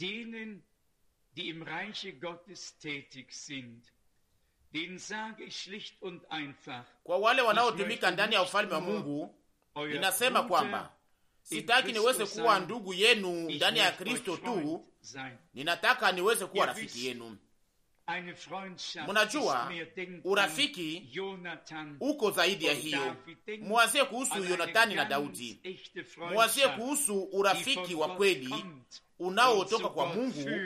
denen, die im Reiche Gottes tätig sind. Denen sage ich schlicht und einfach, kwa wale wanaotumika ndani ya ufalme wa Mungu, ninasema kwamba sitaki niweze kuwa ndugu yenu ndani ya Kristo tu, ninataka niweze kuwa rafiki yenu. Munajua urafiki uko zaidi ya hiyo. Mwazie kuhusu Yonatani na Daudi, muwazie kuhusu urafiki wa kweli unaotoka kwa Mungu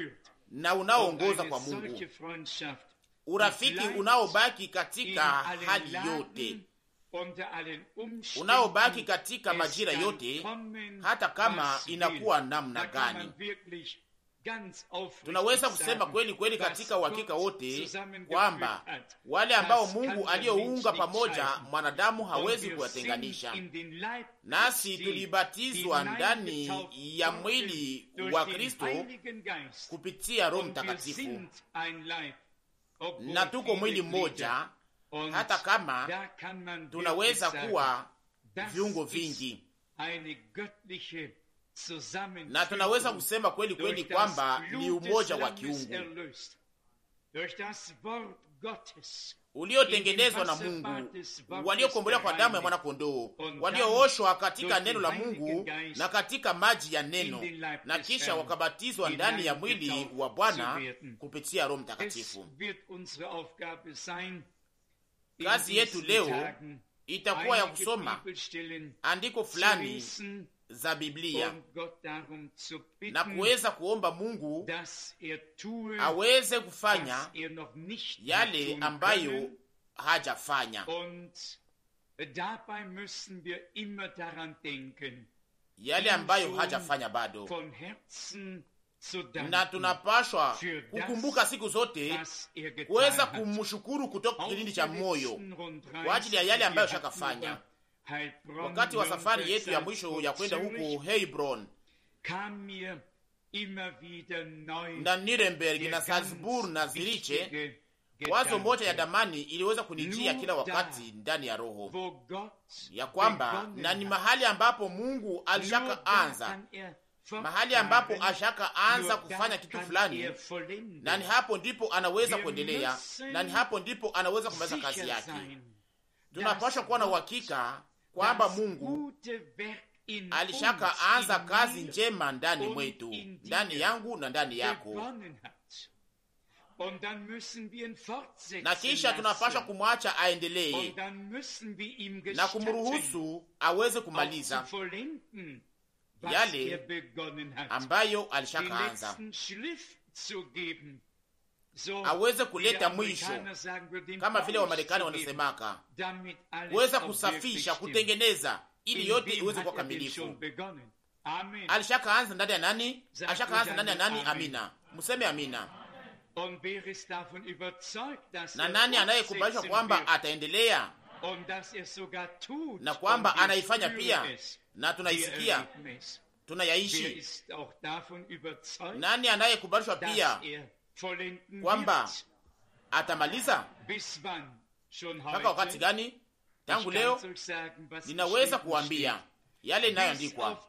na unaoongoza kwa Mungu, urafiki unaobaki katika hali yote, unaobaki katika majira yote, hata kama inakuwa namna gani tunaweza kusema kweli kweli katika uhakika wote kwamba wale ambao Mungu aliyounga pamoja mwanadamu hawezi kuwatenganisha. Nasi tulibatizwa ndani ya mwili wa Kristo kupitia Roho Mtakatifu, na tuko mwili mmoja, hata kama tunaweza kuwa viungo vingi na tunaweza kusema kweli kweli kwamba ni umoja wa kiungu uliotengenezwa na Mungu, waliokombolewa kwa damu ya mwanakondoo, waliooshwa katika neno la Mungu na katika maji ya neno, na kisha wakabatizwa ndani ya mwili wa Bwana kupitia Roho Mtakatifu. Kazi yetu leo itakuwa ya kusoma andiko fulani za Biblia na kuweza kuomba Mungu aweze kufanya yale ambayo hajafanya. Yale ambayo hajafanya bado, na tunapashwa kukumbuka siku zote kuweza kumshukuru kutoka kilindi cha moyo kwa ajili ya yale ambayo shakafanya Wakati wa safari yetu ya mwisho ya kwenda huko Hebron na Nuremberg na Salzburg na Ziriche, wazo moja ya damani iliweza kunijia kila wakati ndani ya roho ya kwamba, na ni mahali ambapo Mungu alishaka anza mahali ambapo ashaka anza kufanya kitu fulani, na ni hapo ndipo anaweza kuendelea, na ni hapo ndipo anaweza kumaliza kazi yake. Tunapaswa kuwa na uhakika kwamba Mungu alishaka anza kazi njema ndani mwetu, ndani yangu na ndani yako, na kisha tunapasha kumwacha aendelee na kumruhusu aweze kumaliza yale er ambayo alishaka anza aweze kuleta mwisho, kama vile Wamarekani wanasemaka kuweza kusafisha, kutengeneza, ili yote iweze kuwa kamilifu. Alishakaanza ndani ya nani? Alishakaanza ndani ya nani? Amina, mseme amina. Na nani anayekubalishwa kwamba ataendelea na kwamba anaifanya pia, na tunaisikia tunayaishi? Nani anayekubalishwa pia kwamba atamaliza mpaka wakati gani? Tangu leo ninaweza kuambia yale inayoandikwa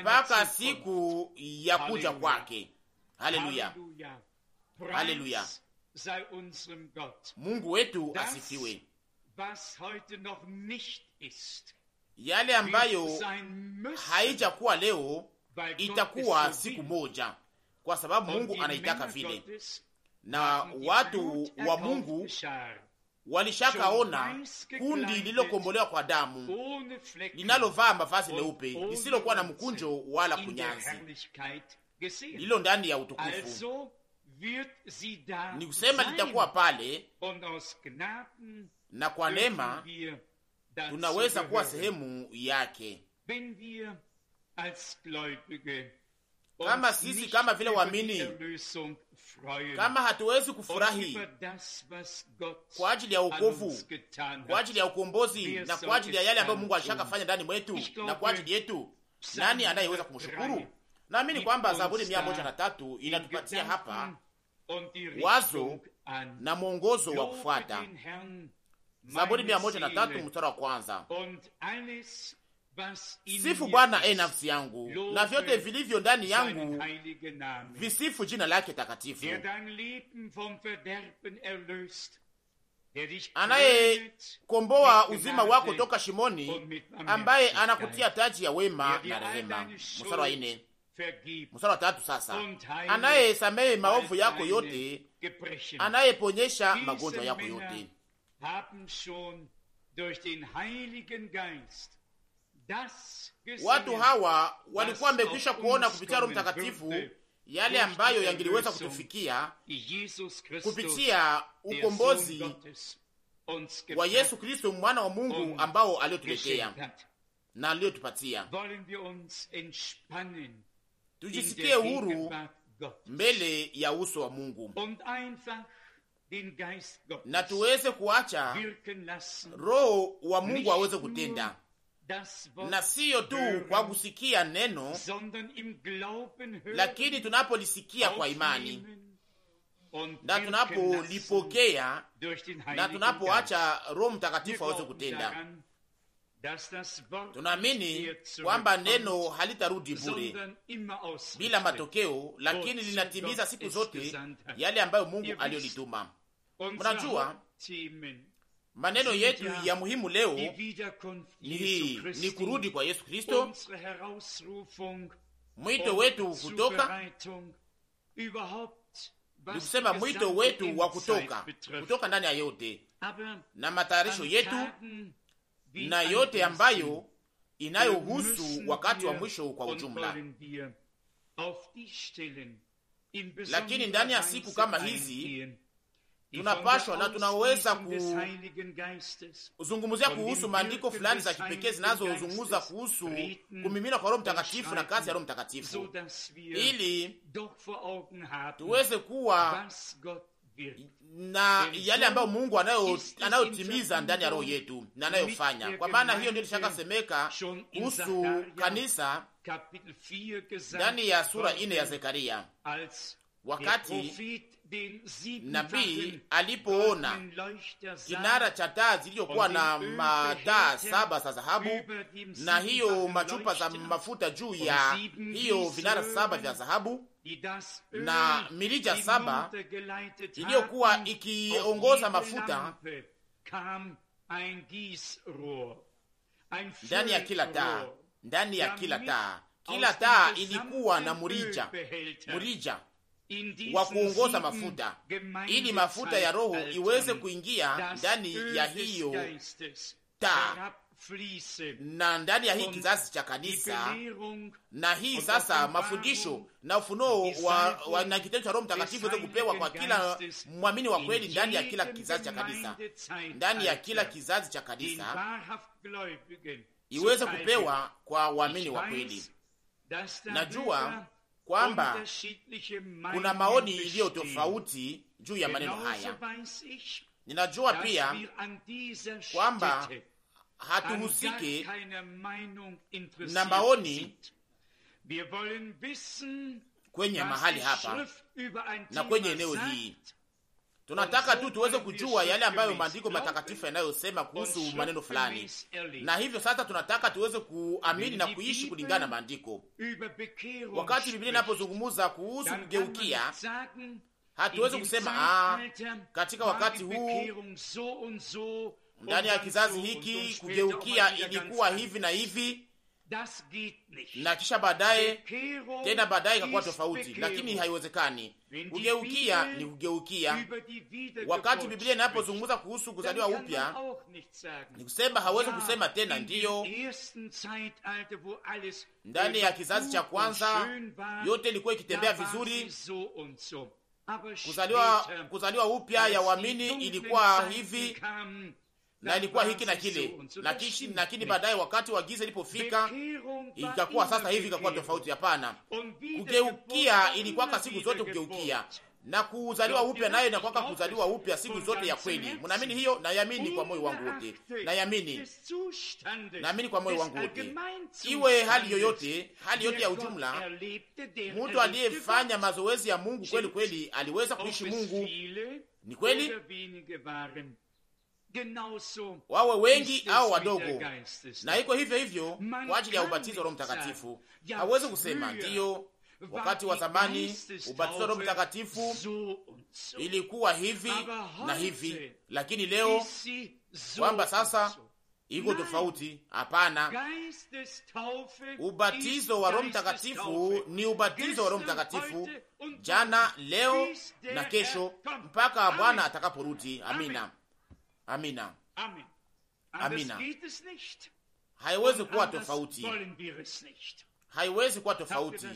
mpaka siku ya kuja kwake. Haleluya, haleluya! Mungu wetu asifiwe. Yale ambayo haijakuwa leo itakuwa siku moja kwa sababu Mungu anaitaka vile, na watu wa Mungu walishakaona kundi lililokombolewa kwa damu linalovaa mavazi meupe lisilokuwa na mkunjo wala kunyanzi lilo ndani ya utukufu. Ni kusema litakuwa pale, na kwa neema tunaweza kuwa sehemu yake kama sisi kama vile waamini, kama hatuwezi kufurahi kwa ajili ya wokovu, kwa ajili ya ukombozi na kwa ajili ya yale ambayo Mungu fanya ndani mwetu na kwa ajili yetu, nani anayeweza kumshukuru? Naamini kwamba Zaburi mia moja na tatu inatupatia hapa wazo na mwongozo wa kufuata. Zaburi mia moja na tatu mstari wa kwanza Sifu Bwana e nafsi yangu, na vyote eh, vilivyo ndani yangu visifu jina lake takatifu. Anayekomboa uzima wako toka shimoni, ambaye anakutia taji ya wema na rehema. Mstari wa nne, mstari wa tatu. Sasa anayesamehe maovu yako yote, anayeponyesha magonjwa yako yote. Watu hawa walikuwa wamekwisha kuona kupitia Roho Mtakatifu yale ambayo yangeliweza kutufikia kupitia ukombozi wa Yesu Kristo mwana wa Mungu ambao aliyotuletea na aliyotupatia. Tujisikie huru mbele ya uso wa Mungu na tuweze kuacha Roho wa Mungu aweze kutenda na siyo tu kwa kusikia neno, lakini tunapolisikia kwa imani na tunapolipokea na tunapoacha Roho Mtakatifu aweze kutenda. Tunaamini kwamba neno halitarudi bure bila matokeo, lakini linatimiza siku zote yale ambayo Mungu aliyolituma. Mnajua Maneno yetu ya muhimu leo ni hii, ni kurudi kwa Yesu Kristo, mwito wetu kutoka ni kusema mwito wetu wa kutoka kutoka ndani ya yote na matayarisho yetu na yote ambayo inayohusu wakati wa mwisho kwa ujumla. Lakini ndani ya siku kama hizi tunapashwa na tunaweza kuzungumzia kuhusu maandiko fulani za kipekee zinazozungumza kuhusu kumimina kwa Roho Mtakatifu na kazi ya Roho Mtakatifu, ili tuweze kuwa na yale ambayo Mungu anayotimiza ndani ya roho yetu na anayofanya. Kwa maana hiyo ndio lishakasemeka kuhusu kanisa ndani ya sura ine ya Zekaria wakati nabii alipoona kinara cha taa ziliyokuwa na mataa saba za dhahabu na hiyo machupa za mafuta juu ya hiyo vinara saba vya dhahabu na mirija saba iliyokuwa ikiongoza mafuta ndani ya kila taa, ndani ya kila taa, kila taa ilikuwa na murija, murija wa kuongoza mafuta, ili mafuta ya Roho iweze kuingia ndani ya hiyo taa na ndani ya hii kizazi cha kanisa. Na hii sasa mafundisho na ufunuo wa, wa, na kitendo cha Roho Mtakatifu weze kupewa kwa kila mwamini wa kweli ndani ya kila kizazi cha kanisa, ndani ya kila kizazi cha kanisa iweze kupewa kwa waamini wa kweli. Najua kwamba kuna maoni iliyo tofauti juu ya maneno haya. Ninajua pia kwamba hatuhusiki na maoni kwenye mahali hapa na kwenye eneo hii Tunataka tu tuweze kujua yale ambayo maandiko matakatifu yanayosema kuhusu maneno fulani, na hivyo sasa tunataka tuweze kuamini na kuishi kulingana na maandiko. Wakati Biblia inapozungumuza kuhusu kugeukia, hatuwezi kusema ah, katika wakati huu ndani ya kizazi hiki kugeukia ilikuwa hivi na hivi na kisha baadaye tena baadaye ikakuwa tofauti, lakini haiwezekani. Kugeukia ni kugeukia. Wakati Biblia inapozungumza kuhusu kuzaliwa upya, ni kusema hawezi kusema tena ndiyo. Ndani ya kizazi cha kwanza yote ilikuwa ikitembea vizuri, kuzaliwa kuzaliwa upya ya waamini ilikuwa hivi na ilikuwa hiki na kile, lakini baadaye wakati wa giza ilipofika ikakuwa sasa hivi ikakuwa tofauti. Hapana, kugeukia ilikuwaka siku zote kugeukia na kuzaliwa upya nayo inakwaka kuzaliwa upya siku zote ya kweli. Mnaamini hiyo? Nayamini kwa moyo wangu wote, nayamini, naamini kwa moyo wangu wote. Iwe hali yoyote, hali yote ya ujumla, mtu aliyefanya mazoezi ya Mungu kweli kweli aliweza kuishi Mungu, ni kweli wawe wengi au wadogo, na iko hivyo hivyo kwa ajili ya ubatizo wa Roho Mtakatifu. Hawezi kusema ndiyo, wakati wa zamani ubatizo wa Roho Mtakatifu ilikuwa hivi na hivi, lakini leo kwamba sasa iko tofauti. Hapana, ubatizo wa Roho Mtakatifu ni ubatizo wa Roho Mtakatifu jana, leo na kesho, mpaka Bwana atakaporudi. Amina. Amina, amina. Haiwezi kuwa tofauti, haiwezi kuwa tofauti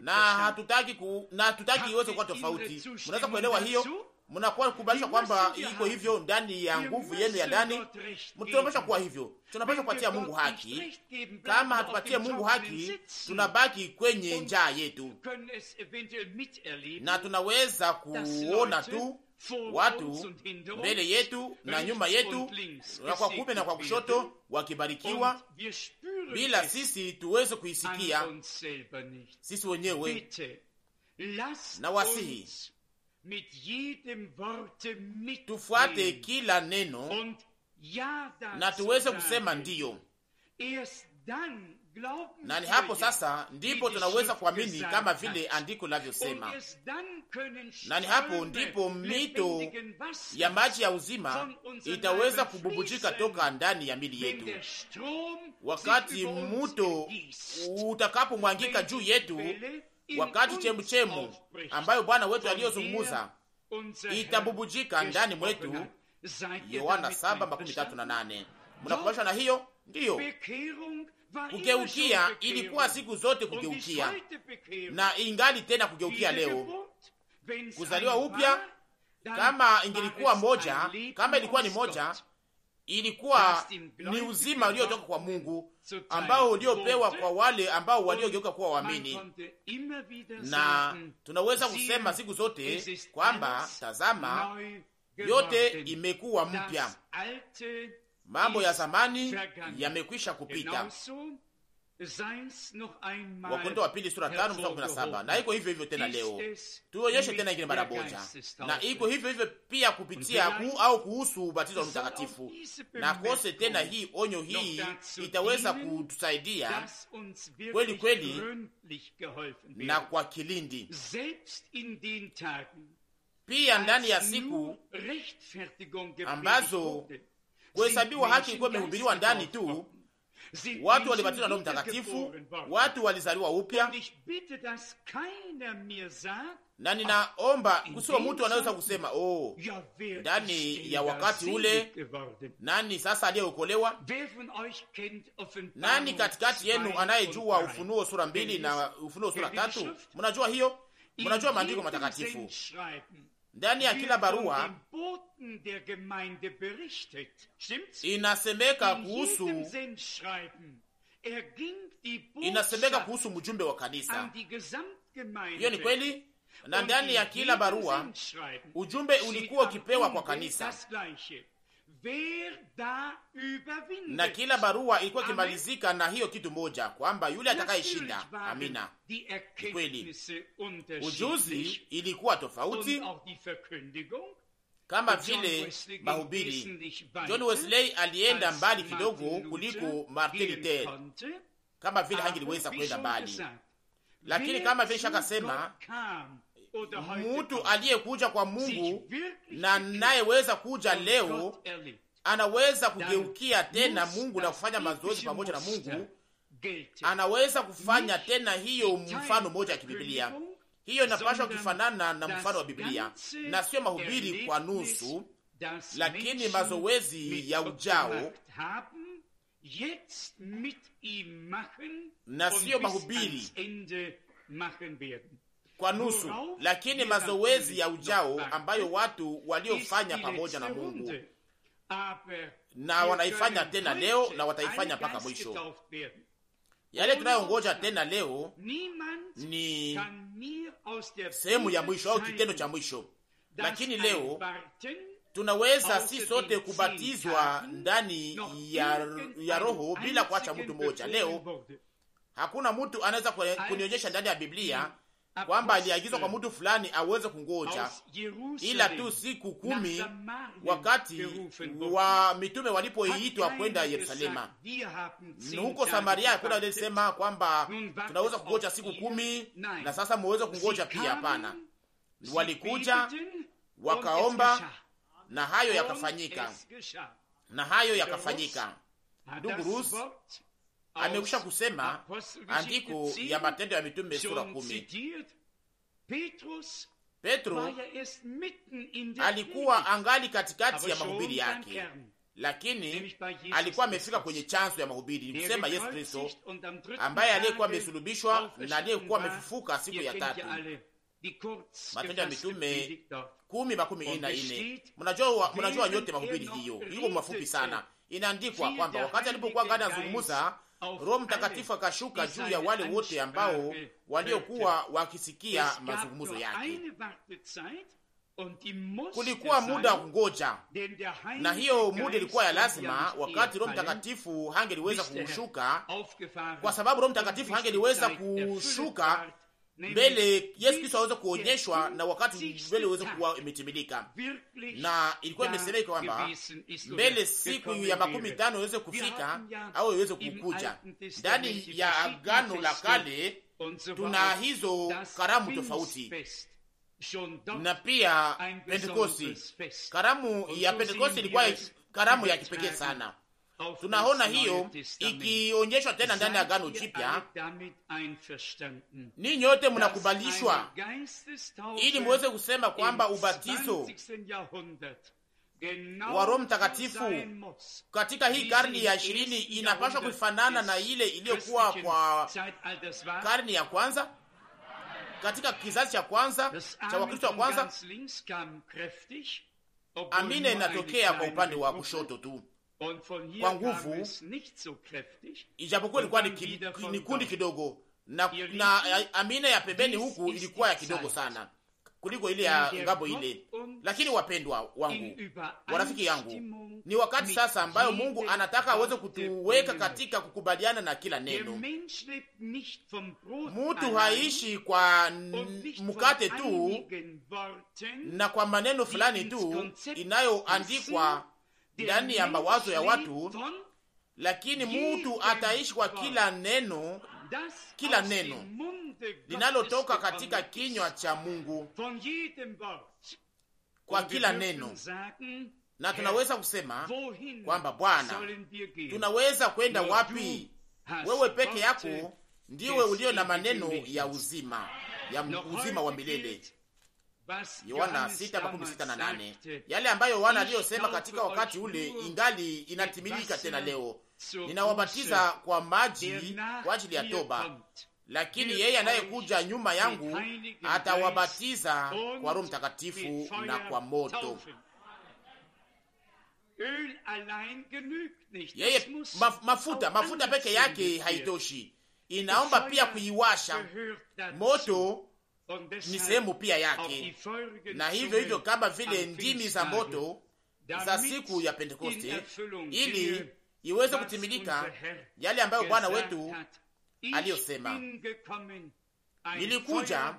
na hatutaki ku, na hatutaki iweze kuwa tofauti. Mnaweza kuelewa hiyo? Mnakuwa kubalishwa kwamba iko hivyo ndani ya nguvu yenu ya ndani, mtunapasha kuwa hivyo. Tunapasha kupatia Mungu haki. Kama hatupatie Mungu haki, tunabaki kwenye njaa yetu, na tunaweza kuona tu watu mbele yetu na nyuma yetu, na kwa kume na kwa kushoto, wakibarikiwa bila sisi tuweze kuisikia sisi wenyewe. Na wasihi tufuate kila neno na tuweze kusema ndiyo na ni hapo sasa ndipo tunaweza kuamini kama vile andiko linavyosema, na ni hapo ndipo mito ya maji ya uzima itaweza kububujika toka ndani ya mili yetu, wakati muto utakapomwangika juu yetu, wakati chemuchemu ambayo Bwana wetu aliyozungumuza itabubujika ndani mwetu. Yohana 7:38. Mnakubashwa na hiyo? Ndiyo. Kugeukia ilikuwa siku zote kugeukia, na ingali tena kugeukia leo. Kuzaliwa upya kama ingelikuwa moja, kama ilikuwa ni moja, ilikuwa ni uzima uliotoka kwa Mungu ambao uliopewa kwa wale ambao waliogeuka kuwa waamini, na tunaweza kusema siku zote kwamba tazama, yote imekuwa mpya Mambo ya zamani yamekwisha kupita. Wakorintho wa pili sura tano mstari kumi na saba. Na iko hivyo hivyo tena leo, tuonyeshe tena ingine mara moja, na iko hivyo hivyo pia kupitia ku, au kuhusu ubatizo wa Mtakatifu. Na kose tena hii onyo hii itaweza kutusaidia kweli kweli na kwa kilindi pia ndani ya siku ambazo kuhesabiwa haki ilikuwa imehubiriwa ndani tu, watu walibatizwa na Mtakatifu, watu walizaliwa upya. Na ninaomba kusiwa mtu anaweza kusema oh, ndani ya wakati ule, nani sasa aliyeokolewa? Nani katikati yenu anayejua Ufunuo sura mbili na Ufunuo sura tatu? Mnajua hiyo, mnajua maandiko matakatifu ndani ya kila barua inasemeka kuhusu er inasemeka kuhusu mjumbe wa kanisa. Hiyo ni kweli, na ndani ya kila barua ujumbe ulikuwa ukipewa kwa kanisa na kila barua ilikuwa ikimalizika na hiyo kitu moja, kwamba yule atakayeshinda. Amina, kweli ujuzi ilikuwa tofauti, kama vile mahubiri. John Wesley alienda mbali kidogo kuliko Martin Luther, kama vile hangeliweza kuenda mbali, lakini kama vile shakasema mtu aliyekuja kwa Mungu na nayeweza kuja leo anaweza kugeukia tena Mungu na kufanya mazoezi pamoja na Mungu, anaweza kufanya tena hiyo mfano moja ya kibiblia. Hiyo inapashwa kufanana na mfano wa Biblia na sio mahubiri kwa nusu, lakini mazoezi ya ujao na siyo mahubiri uh, kwa nusu, lakini mazoezi ya ujao ambayo watu waliofanya pamoja na Mungu na wanaifanya tena leo na wataifanya mpaka mwisho. Yale tunayongoja tena leo ni sehemu ya mwisho au kitendo cha mwisho, lakini leo tunaweza si sote kubatizwa ndani ya, ya Roho bila kuacha mtu mmoja. Leo hakuna mtu anaweza kunionyesha ndani ya Biblia kwamba aliagizwa kwa mutu fulani aweze kungoja, ila tu siku kumi wakati wa mitume walipoitwa kwenda Yerusalema huko Samaria. Kuna walisema kwamba tunaweza kungoja siku kumi na sasa muweze kungoja pia. Hapana, walikuja wakaomba, na hayo yakafanyika, na hayo yakafanyika. Ndugu Rus amekwisha kusema andiko ya Matendo ya Mitume sura kumi. Petro alikuwa angali katikati ya mahubiri yake, lakini alikuwa amefika kwenye chanzo ya mahubiri, ni kusema Yesu Kristo ambaye aliyekuwa amesulubishwa na aliyekuwa amefufuka siku ya tatu. Matendo ya Mitume kumi makumi ine na ine. Mnajua, nyote er mahubiri hiyo iko mafupi sana. Inaandikwa kwamba wakati alipokuwa ngani anazungumuza Roho Mtakatifu akashuka juu ya wale wote ambao waliokuwa wakisikia mazungumzo yake. Kulikuwa muda wa kungoja, na hiyo muda ilikuwa ya lazima, wakati Roho Mtakatifu hangeliweza kushuka, kwa sababu Roho Mtakatifu hangeliweza kushuka mbele Yesu Kristo aweze kuonyeshwa na wakati mbele uweze kuwa imetimilika, na ilikuwa imesemeka kwamba mbele siku ya makumi tano iweze kufika au iweze kukuja. Ndani ya Agano la Kale tuna hizo karamu tofauti na pia Pentekosti. Karamu ya Pentekosti ilikuwa karamu ya kipekee sana Tunaona hiyo ikionyeshwa tena ndani ya Agano Jipya. Ninyi nyote mnakubalishwa ili muweze kusema kwamba ubatizo wa Roho Mtakatifu katika hii karni ya ishirini inapaswa kufanana na ile iliyokuwa kwa karni ya kwanza katika kizazi cha kwanza cha Wakristo wa kwanza. Amina inatokea kwa upande wa kushoto tu kwa nguvu, ijapokuwa ilikuwa ni kundi kidogo na, na amina ya pembeni huku ilikuwa ya kidogo sana kuliko ile ya ngambo ile. Lakini wapendwa wangu, warafiki yangu, ni wakati sasa ambayo Mungu anataka aweze kutuweka katika kukubaliana na kila neno. Mutu haishi kwa mkate tu na kwa maneno fulani tu inayoandikwa ndani ya mawazo ya watu, lakini mutu ataishi kwa kila neno, kila neno linalotoka katika kinywa cha Mungu, kwa kila neno. Na tunaweza kusema kwamba Bwana, tunaweza kwenda wapi? Wewe peke yako ndiwe ulio na maneno ya uzima, ya uzima wa milele. Yohana 6:68 yale ambayo Yohana aliyosema katika wakati ule ingali inatimilika tena leo, ninawabatiza kwa maji kwa ajili ya toba, lakini yeye anayekuja nyuma yangu atawabatiza kwa Roho Mtakatifu na kwa moto. Yeye maf, mafuta mafuta peke yake haitoshi, inaomba pia kuiwasha moto ni sehemu pia yake, na hivyo hivyo kama vile ndimi za moto za siku ya Pentekoste, ili iweze kutimilika yale ambayo Bwana wetu aliyosema, nilikuja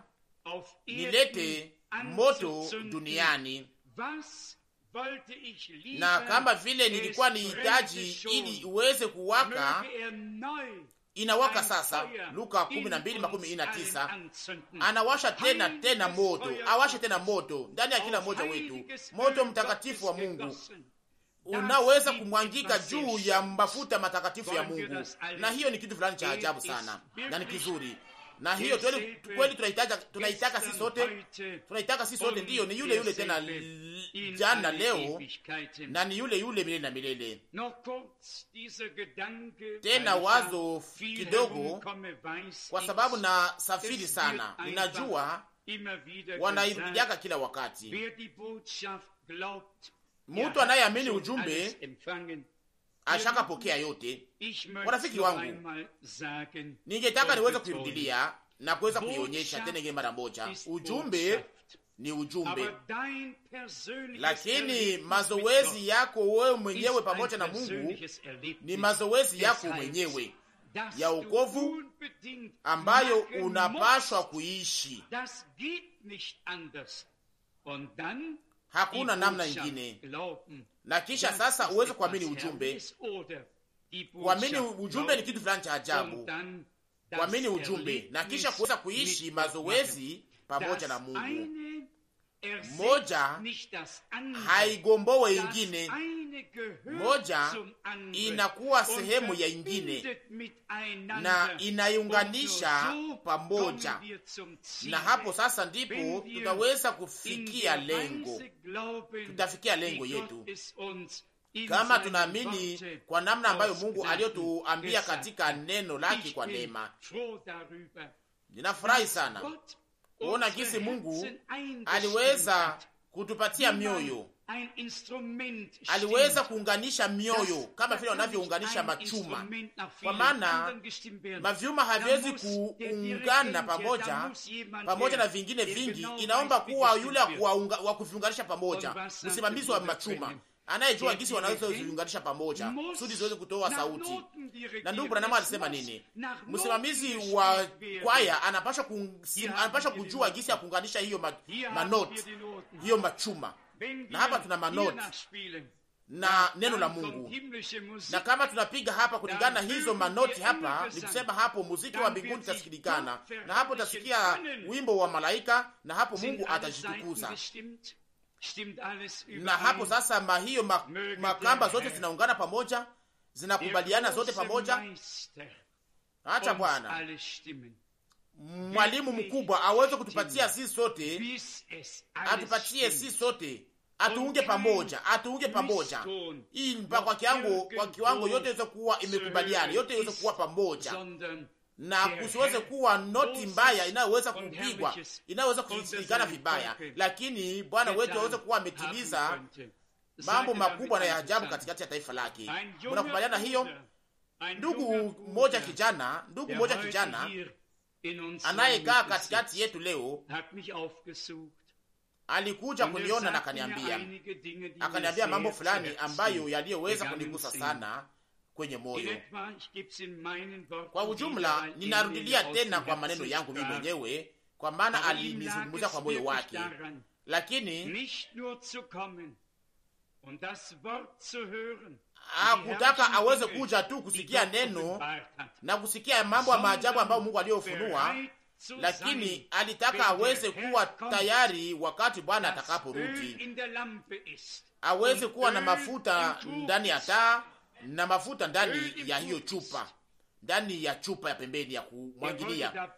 nilete moto duniani na kama vile nilikuwa ni hitaji ili uweze kuwaka, inawaka sasa. Luka 12:19 anawasha tena tena moto, awashe tena moto ndani ya kila mmoja wetu, moto mtakatifu wa Mungu unaweza kumwangika juu ya mafuta matakatifu ya Mungu, na hiyo ni kitu fulani cha ajabu sana na ni kizuri na hiyo kweli tunaitaka, tunaitaka si sote, tunaitaka sisi sote. Ndiyo, ni yule yule tena jana, leo na ni yule yule milele na milele. Tena wazo kidogo, kwa sababu na safiri sana, ninajua wanaijaka kila wakati. Mtu anayeamini ujumbe ashakapokea yote. Warafiki wangu, ningetaka niweze kuirudilia na kuweza kuionyesha tena ingine mara moja, ujumbe ni ujumbe, lakini mazoezi yako wewe mwenyewe pamoja na Mungu ni mazoezi yako mwenyewe ya ukovu ambayo unapashwa kuishi. Hakuna namna ingine na kisha sasa uweze kuamini ujumbe. Kuamini ujumbe ni kitu fulani cha ajabu, kuamini ujumbe na kisha kuweza kuishi mazoezi pamoja na Mungu. Er Moja haigombowe ingine, moja inakuwa sehemu ya ingine na inaiunganisha pamoja, na hapo sasa ndipo tutaweza kufikia lengo, tutafikia lengo yetu kama tunaamini kwa namna ambayo Mungu aliyotuambia katika neno lake kwa neema. Ninafurahi sana kuona jinsi Mungu aliweza kutupatia mioyo aliweza kuunganisha mioyo kama vile wanavyounganisha machuma, kwa maana mavyuma haviwezi kuungana pamoja pamoja na vingine vingi. Inaomba kuwa yule wa kuviunganisha pamoja, msimamizi wa machuma anayejua jinsi wanaweza kuziunganisha pamoja kusudi ziweze kutoa sauti. Na ndugu Branham alisema nini? Msimamizi wa kwaya anapaswa kujua jinsi ya kuunganisha hiyo manoti, hiyo machuma na hapa tuna manoti na neno la Mungu, na kama tunapiga hapa kulingana hizo manoti hapa, ni kusema hapo muziki wa mbinguni utasikilikana, na hapo utasikia wimbo wa malaika, na hapo Mungu atajitukuza na hapo sasa mahiyo ma, makamba zote zinaungana pamoja, zinakubaliana zote pamoja. Acha Bwana mwalimu mkubwa aweze kutupatia sisi sote, atupatie sisi sote atuunge pamoja, atuunge pamoja, hii mpaka kwa kiwango, kwa kiwango yote iweze kuwa imekubaliana, yote iweze kuwa pamoja na kusiweze kuwa noti mbaya inayoweza kupigwa, inayoweza kusikana vibaya, lakini Bwana wetu aweze kuwa ametimiza mambo makubwa na ya ajabu katikati ya taifa lake. Mnakubaliana hiyo? Ndugu mmoja kijana, ndugu mmoja kijana anayekaa katikati yetu leo alikuja kuniona na akaniambia akaniambia mambo fulani ambayo yaliyoweza kunigusa sana kwenye moyo. Kwa ujumla, ninarudilia tena kwa maneno yangu mimi mwenyewe, kwa maana alinizungumza kwa moyo wake, lakini akutaka aweze kuja tu kusikia neno na kusikia mambo ya maajabu ambayo Mungu aliyofunua, lakini alitaka aweze kuwa tayari wakati Bwana atakaporudi, aweze kuwa na mafuta ndani ya taa na mafuta ndani ya hiyo chupa, ndani ya chupa ya pembeni ya kumwangilia.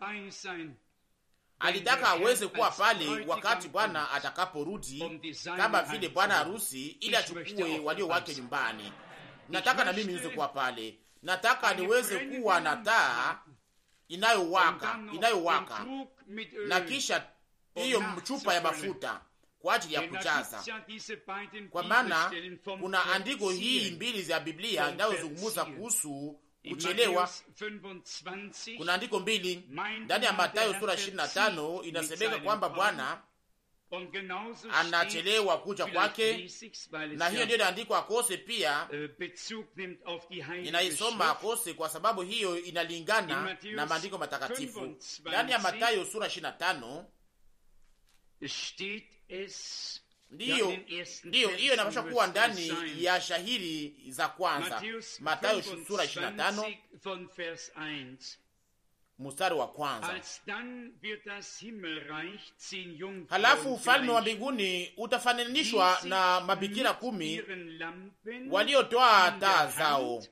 Alitaka aweze kuwa pale wakati Bwana atakaporudi, kama vile bwana harusi, ili achukue walio wake nyumbani. Nataka na mimi niweze kuwa pale, nataka niweze kuwa na taa inayowaka inayowaka, na kisha hiyo chupa ya mafuta kwa ajili ya kujaza. Kwa maana kuna andiko hii mbili za Biblia inayozungumza kuhusu kuchelewa. Kuna andiko mbili ndani ya Mathayo sura 25 inasemeka kwamba Bwana anachelewa kuja kwake, na hiyo ndiyo inaandikwa kose pia. Uh, inaisoma Kose kwa sababu hiyo inalingana na maandiko matakatifu. Ndani ya matayo sura 25 ndiyo, ndiyo, hiyo inapaswa kuwa ndani ya shahiri za kwanza, Matayo sura mstari wa kwanza. Halafu ufalme wa mbinguni utafananishwa na mabikira kumi waliotoa taa zao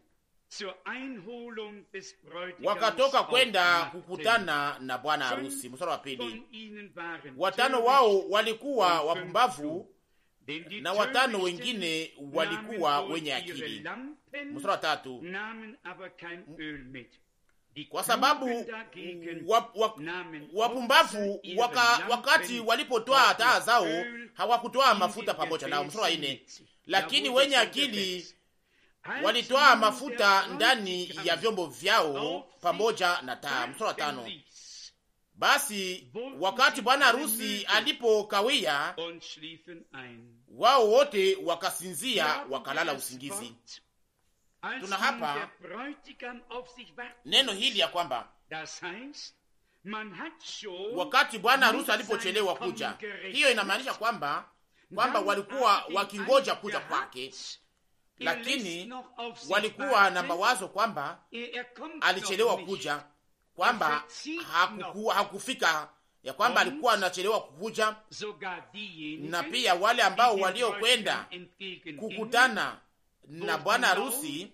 wakatoka kwenda kukutana na bwana harusi. Mstari wa pili. Watano wao walikuwa wapumbavu na watano wengine walikuwa wenye akili. Mstari wa tatu kwa sababu wapumbavu waka, wakati walipotwaa taa zao hawakutwaa mafuta pamoja nao. msura ine, lakini wenye akili walitwaa mafuta ndani ya vyombo vyao pamoja na taa. msura tano, basi wakati bwana harusi alipokawia, wao wote wakasinzia wakalala usingizi tuna hapa neno hili ya kwamba wakati bwana harusi alipochelewa kuja, hiyo inamaanisha kwamba kwamba walikuwa er wakingoja kuja kwake, er lakini walikuwa na mawazo kwamba er, alichelewa kuja, kwamba hakukuwa hakufika ya kwamba alikuwa anachelewa kukuja, na pia wale ambao waliokwenda kukutana na bwana harusi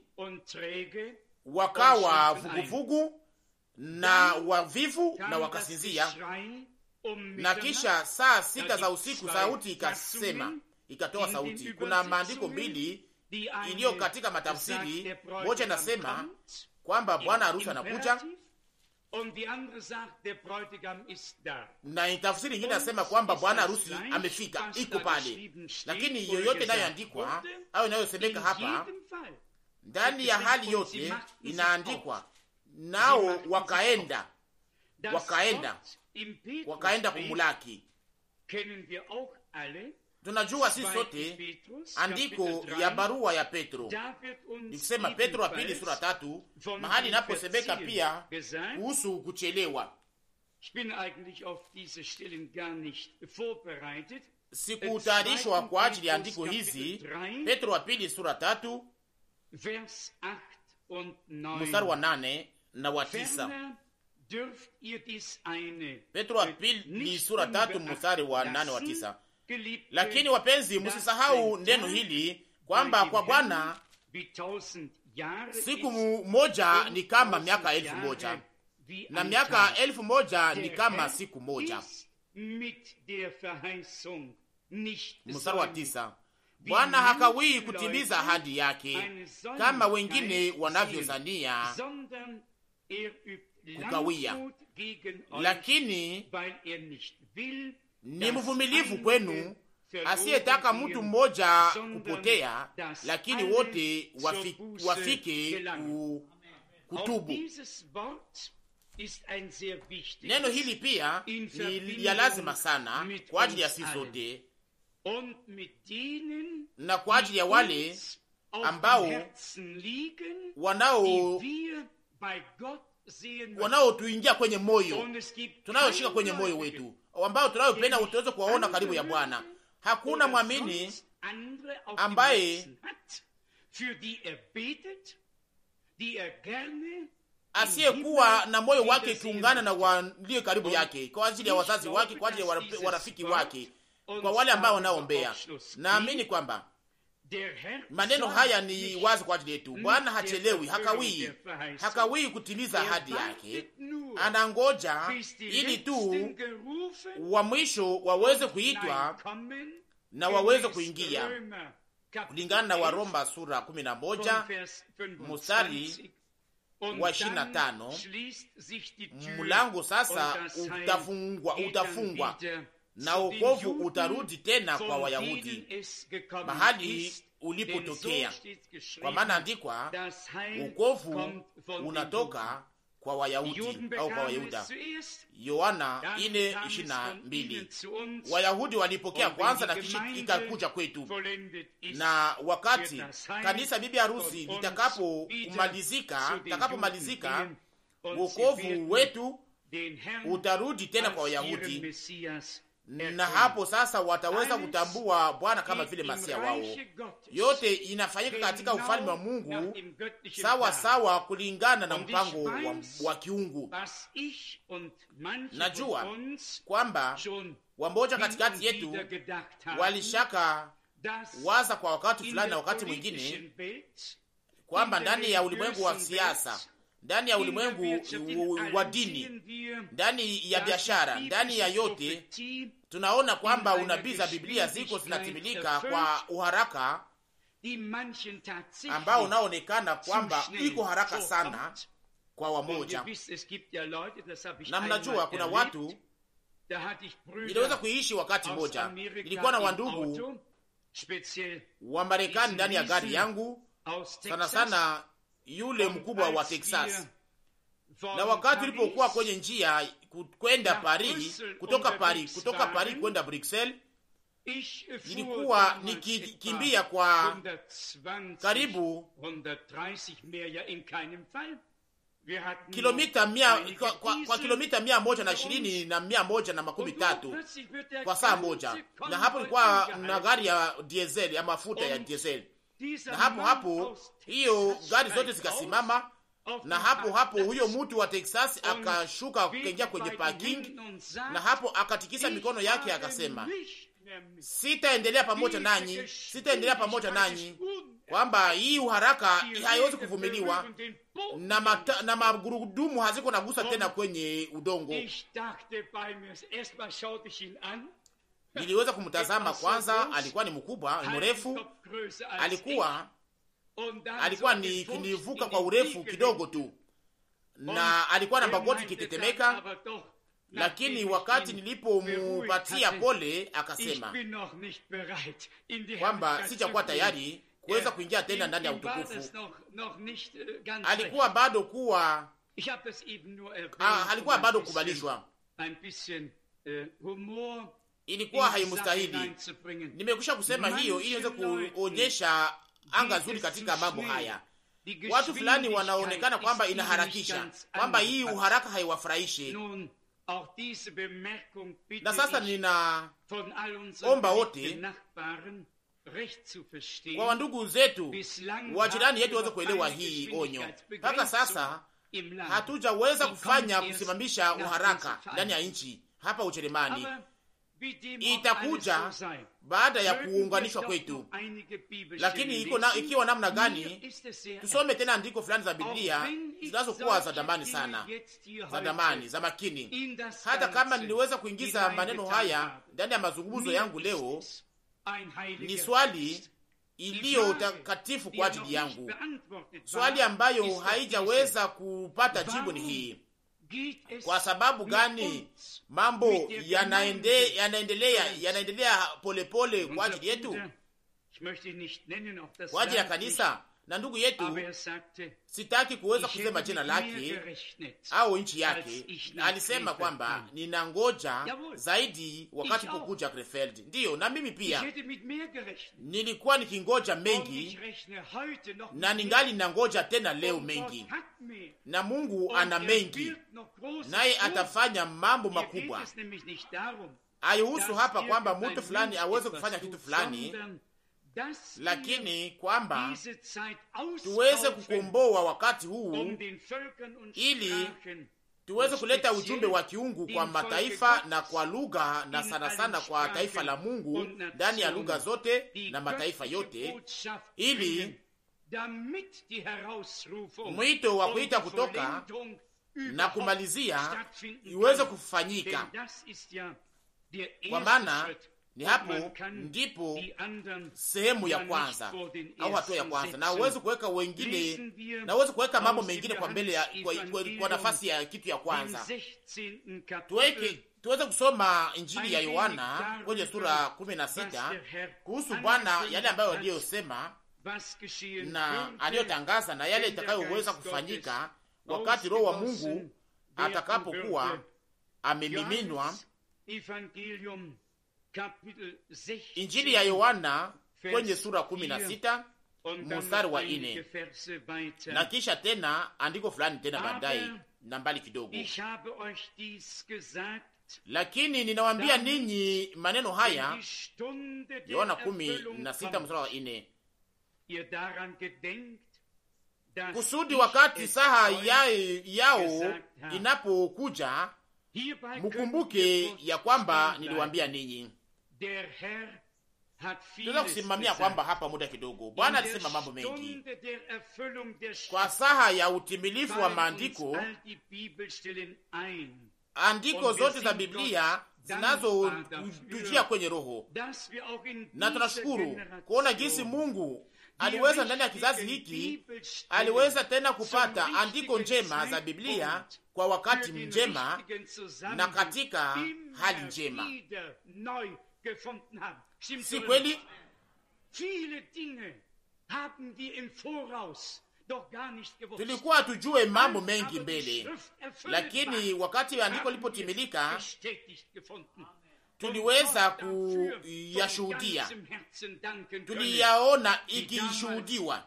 wakawa vuguvugu na wavivu na wakasinzia. Na kisha saa sita za usiku sauti ikasema, ikatoa sauti. Kuna maandiko mbili iliyo katika matafsiri, moja inasema kwamba bwana harusi anakuja na tafsiri nyingine nasema kwamba bwana harusi amefika, iko pale. Lakini yoyote inayoandikwa au inayosemeka hapa, ndani ya hali yote inaandikwa, nao wakaenda, wakaenda, wakaenda kumulaki Tunajua si sote andiko ya barua ya Petro nikisema Petro wa pili sura tatu mahali inaposemeka pia kuhusu kuchelewa. Sikutayarishwa kwa ajili ya andiko hizi. Petro wa pili sura tatu mstari wa nane na wa tisa. Petro wa pili sura tatu mstari wa nane wa tisa. Lakini wapenzi, msisahau neno hili kwamba kwa Bwana siku moja ni kama miaka elfu moja na miaka elfu moja ni kama siku moja. Mstari wa tisa. Bwana hakawii kutimiza ahadi yake kama wengine wanavyozania kukawia, lakini ni mvumilivu kwenu, asiyetaka mtu mmoja kupotea, lakini wote wafike, wafike kutubu. Neno hili pia ni ya lazima sana kwa ajili ya sisi zote na kwa ajili ya wale ambao wanao wanaotuingia kwenye moyo tunayoshika kwenye moyo wetu, ambao tunayopenda utaweza kuwaona karibu ya Bwana. Hakuna mwamini ambaye asiyekuwa na moyo wake kiungana na walio karibu yake, kwa ajili ya wazazi wake, kwa ajili ya warafiki wake, kwa wale ambao wanaombea. Naamini kwamba Maneno haya ni wazi kwa ajili yetu. Bwana hachelewi, hakawii, hakawii kutimiza ahadi yake. Anangoja ili tu wa mwisho waweze kuitwa na waweze kuingia, kulingana na Waroma sura 11 mstari wa 25, Mlango sasa utafungwa, utafungwa na wokovu utarudi tena kwa Wayahudi mahali ulipotokea, kwa maana andikwa, wokovu unatoka kwa Wayahudi au kwa Wayuda. Yohana ine Wayahudi walipokea kwanza na kisha ikakuja kwetu, na wakati kanisa bibi harusi litakapomalizika, litakapomalizika wokovu wetu utarudi tena kwa Wayahudi na hapo sasa wataweza kutambua Bwana kama vile masia wao. Yote inafanyika katika ufalme wa Mungu sawa sawa kulingana na mpango wa, wa kiungu. Najua kwamba wamboja katikati yetu walishaka waza kwa wakati fulani na wakati mwingine kwamba ndani ya ulimwengu wa siasa ndani ya ulimwengu wa dini, ndani ya biashara, ndani ya yote, tunaona kwamba unabii za Biblia ziko zinatimilika kwa uharaka ambao unaonekana kwamba iko haraka sana kwa wamoja, na mnajua kuna watu iliweza kuiishi wakati moja. Ilikuwa na wandugu wa Marekani ndani ya gari yangu sana sana yule mkubwa wa Texas. Na wakati ulipokuwa kwenye njia kwenda Paris, kutoka Paris, kutoka Paris kwenda Bruxelles, nilikuwa nikikimbia kwa karibu kilomita mia, kwa, kwa, kilomita mia moja na ishirini na mia moja na makumi tatu kwa saa moja, na hapo ilikuwa na gari ya diesel ya mafuta ya diesel na hapo hapo hiyo gari zote zikasimama, na hapo hapo huyo mtu wa Texas akashuka akaingia kwenye parking, na hapo akatikisa mikono yake akasema, sitaendelea pamoja nanyi, sitaendelea pamoja nanyi, kwamba hii uharaka haiwezi kuvumiliwa na, mata, na magurudumu haziko nagusa tena kwenye udongo niliweza kumtazama kwanza. Alikuwa ni mkubwa, ni mrefu, alikuwa alikuwa ni kinivuka kwa urefu kidogo tu, na alikuwa na magoti kitetemeka Lakini wakati nilipomupatia pole, akasema kwamba sijakuwa tayari kuweza kuingia tena ndani ya utukufu. Äh, alikuwa bado kuwa ah, alikuwa um bado kubalishwa äh, ilikuwa haimustahili. Nimekwisha kusema hiyo ili iweze kuonyesha anga zuri katika mambo haya. Watu fulani wanaonekana kwamba inaharakisha, kwamba hii uharaka haiwafurahishi. Na sasa ninaomba wote kwa wandugu zetu wa jirani yetu waweze kuelewa hii onyo. Mpaka sasa hatujaweza kufanya kusimamisha uharaka ndani ya nchi hapa Ujerumani itakuja baada ya kuunganishwa kwetu. Lakini iko na, ikiwa namna gani? Tusome tena andiko fulani za Biblia zinazokuwa za damani sana, za damani za makini. Hata kama niliweza kuingiza maneno haya ndani ya mazungumzo yangu leo, ni swali iliyo takatifu kwa ajili yangu, swali ambayo haijaweza kupata jibu ni hii: kwa sababu gani mambo yanaende, yanaendelea yanaendelea polepole kwa ajili yetu, kwa ajili ya kanisa? na ndugu yetu, er sitaki kuweza kusema jina lake au nchi yake, alisema kwamba ninangoja zaidi wakati kukuja Krefeld. Ndiyo, na mimi pia nilikuwa nikingoja mengi na ningali nangoja tena leo mengi, na Mungu ana er mengi, naye atafanya mambo makubwa. Haihusu hapa kwamba mtu fulani aweze kufanya kitu fulani lakini kwamba tuweze kukomboa wakati huu um ili tuweze kuleta ujumbe wa kiungu kwa mataifa na kwa lugha na sana sana kwa taifa la Mungu ndani ya lugha zote na mataifa yote, ili mwito wa kuita kutoka na kumalizia iweze kufanyika, kwa maana ni hapo ndipo sehemu ya kwanza au hatua ya kwanza, na uwezi kuweka wengine, na uwezi kuweka mambo mengine kwa mbele ya kwa, kwa, kwa nafasi ya kitu ya kwanza. Tuweke tuweze kusoma Injili ya Yohana kwenye sura kumi na sita kuhusu Bwana yale ambayo aliyosema na aliyotangaza na yale itakayoweza kufanyika wakati Roho wa Mungu atakapokuwa amemiminwa Injili ya Yohana kwenye sura kumi na sita mstari wa ine na kisha tena andiko fulani tena baadaye na mbali kidogo, lakini ninawambia ninyi maneno haya. Yohana kumi na sita mstari wa ine kusudi wakati saha ya, yao inapokuja mkumbuke ya kwamba niliwambia ninyi Tunaweza kusimamia kwamba hapa muda kidogo Bwana alisema mambo mengi kwa saha ya utimilifu wa maandiko. Andiko zote za Biblia zinazotujia kwenye roho, na tunashukuru kuona jinsi Mungu aliweza ndani ya kizazi hiki, aliweza tena kupata andiko njema za Biblia kwa wakati mjema na katika hali njema Si kweli? Tulikuwa tujue mambo mengi mbele, lakini wakati andiko lipotimilika tuliweza kuyashuhudia, tuliyaona ikishuhudiwa,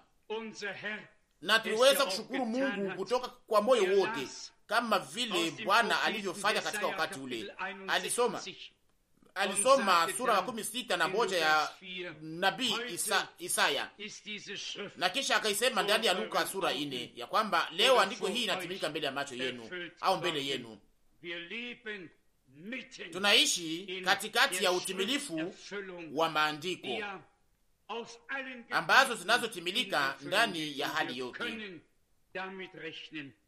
na tuliweza kushukuru Mungu kutoka kwa moyo er wote, kama vile Bwana alivyofanya katika wakati ule. Alisoma alisoma sura makumi sita na moja ya nabii Isa, Isaya na kisha akaisema ndani ya Luka sura ine ya kwamba leo andiko hii inatimilika mbele ya macho yenu au mbele yenu. Tunaishi katikati ya utimilifu wa maandiko ambazo zinazotimilika ndani ya hali yote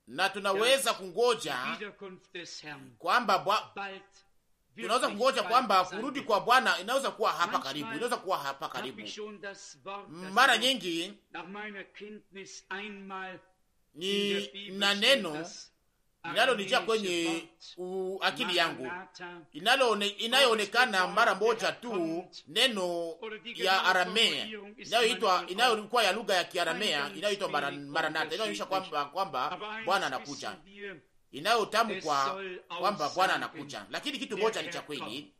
na tunaweza kungoja kwamba tunaweza kungoja kwamba kurudi kwa Bwana inaweza kuwa hapa karibu, inaweza kuwa hapa karibu. Mara nyingi ni na neno linalonijia kwenye akili yangu inayoonekana mara moja tu, neno ya Aramea inayoitwa inayokuwa ya lugha ya Kiaramea inayoitwa Maranata, inayoonyesha kwamba kwamba Bwana anakuja inayotamkwa kwamba Bwana anakuja, lakini kitu moja ni cha kweli.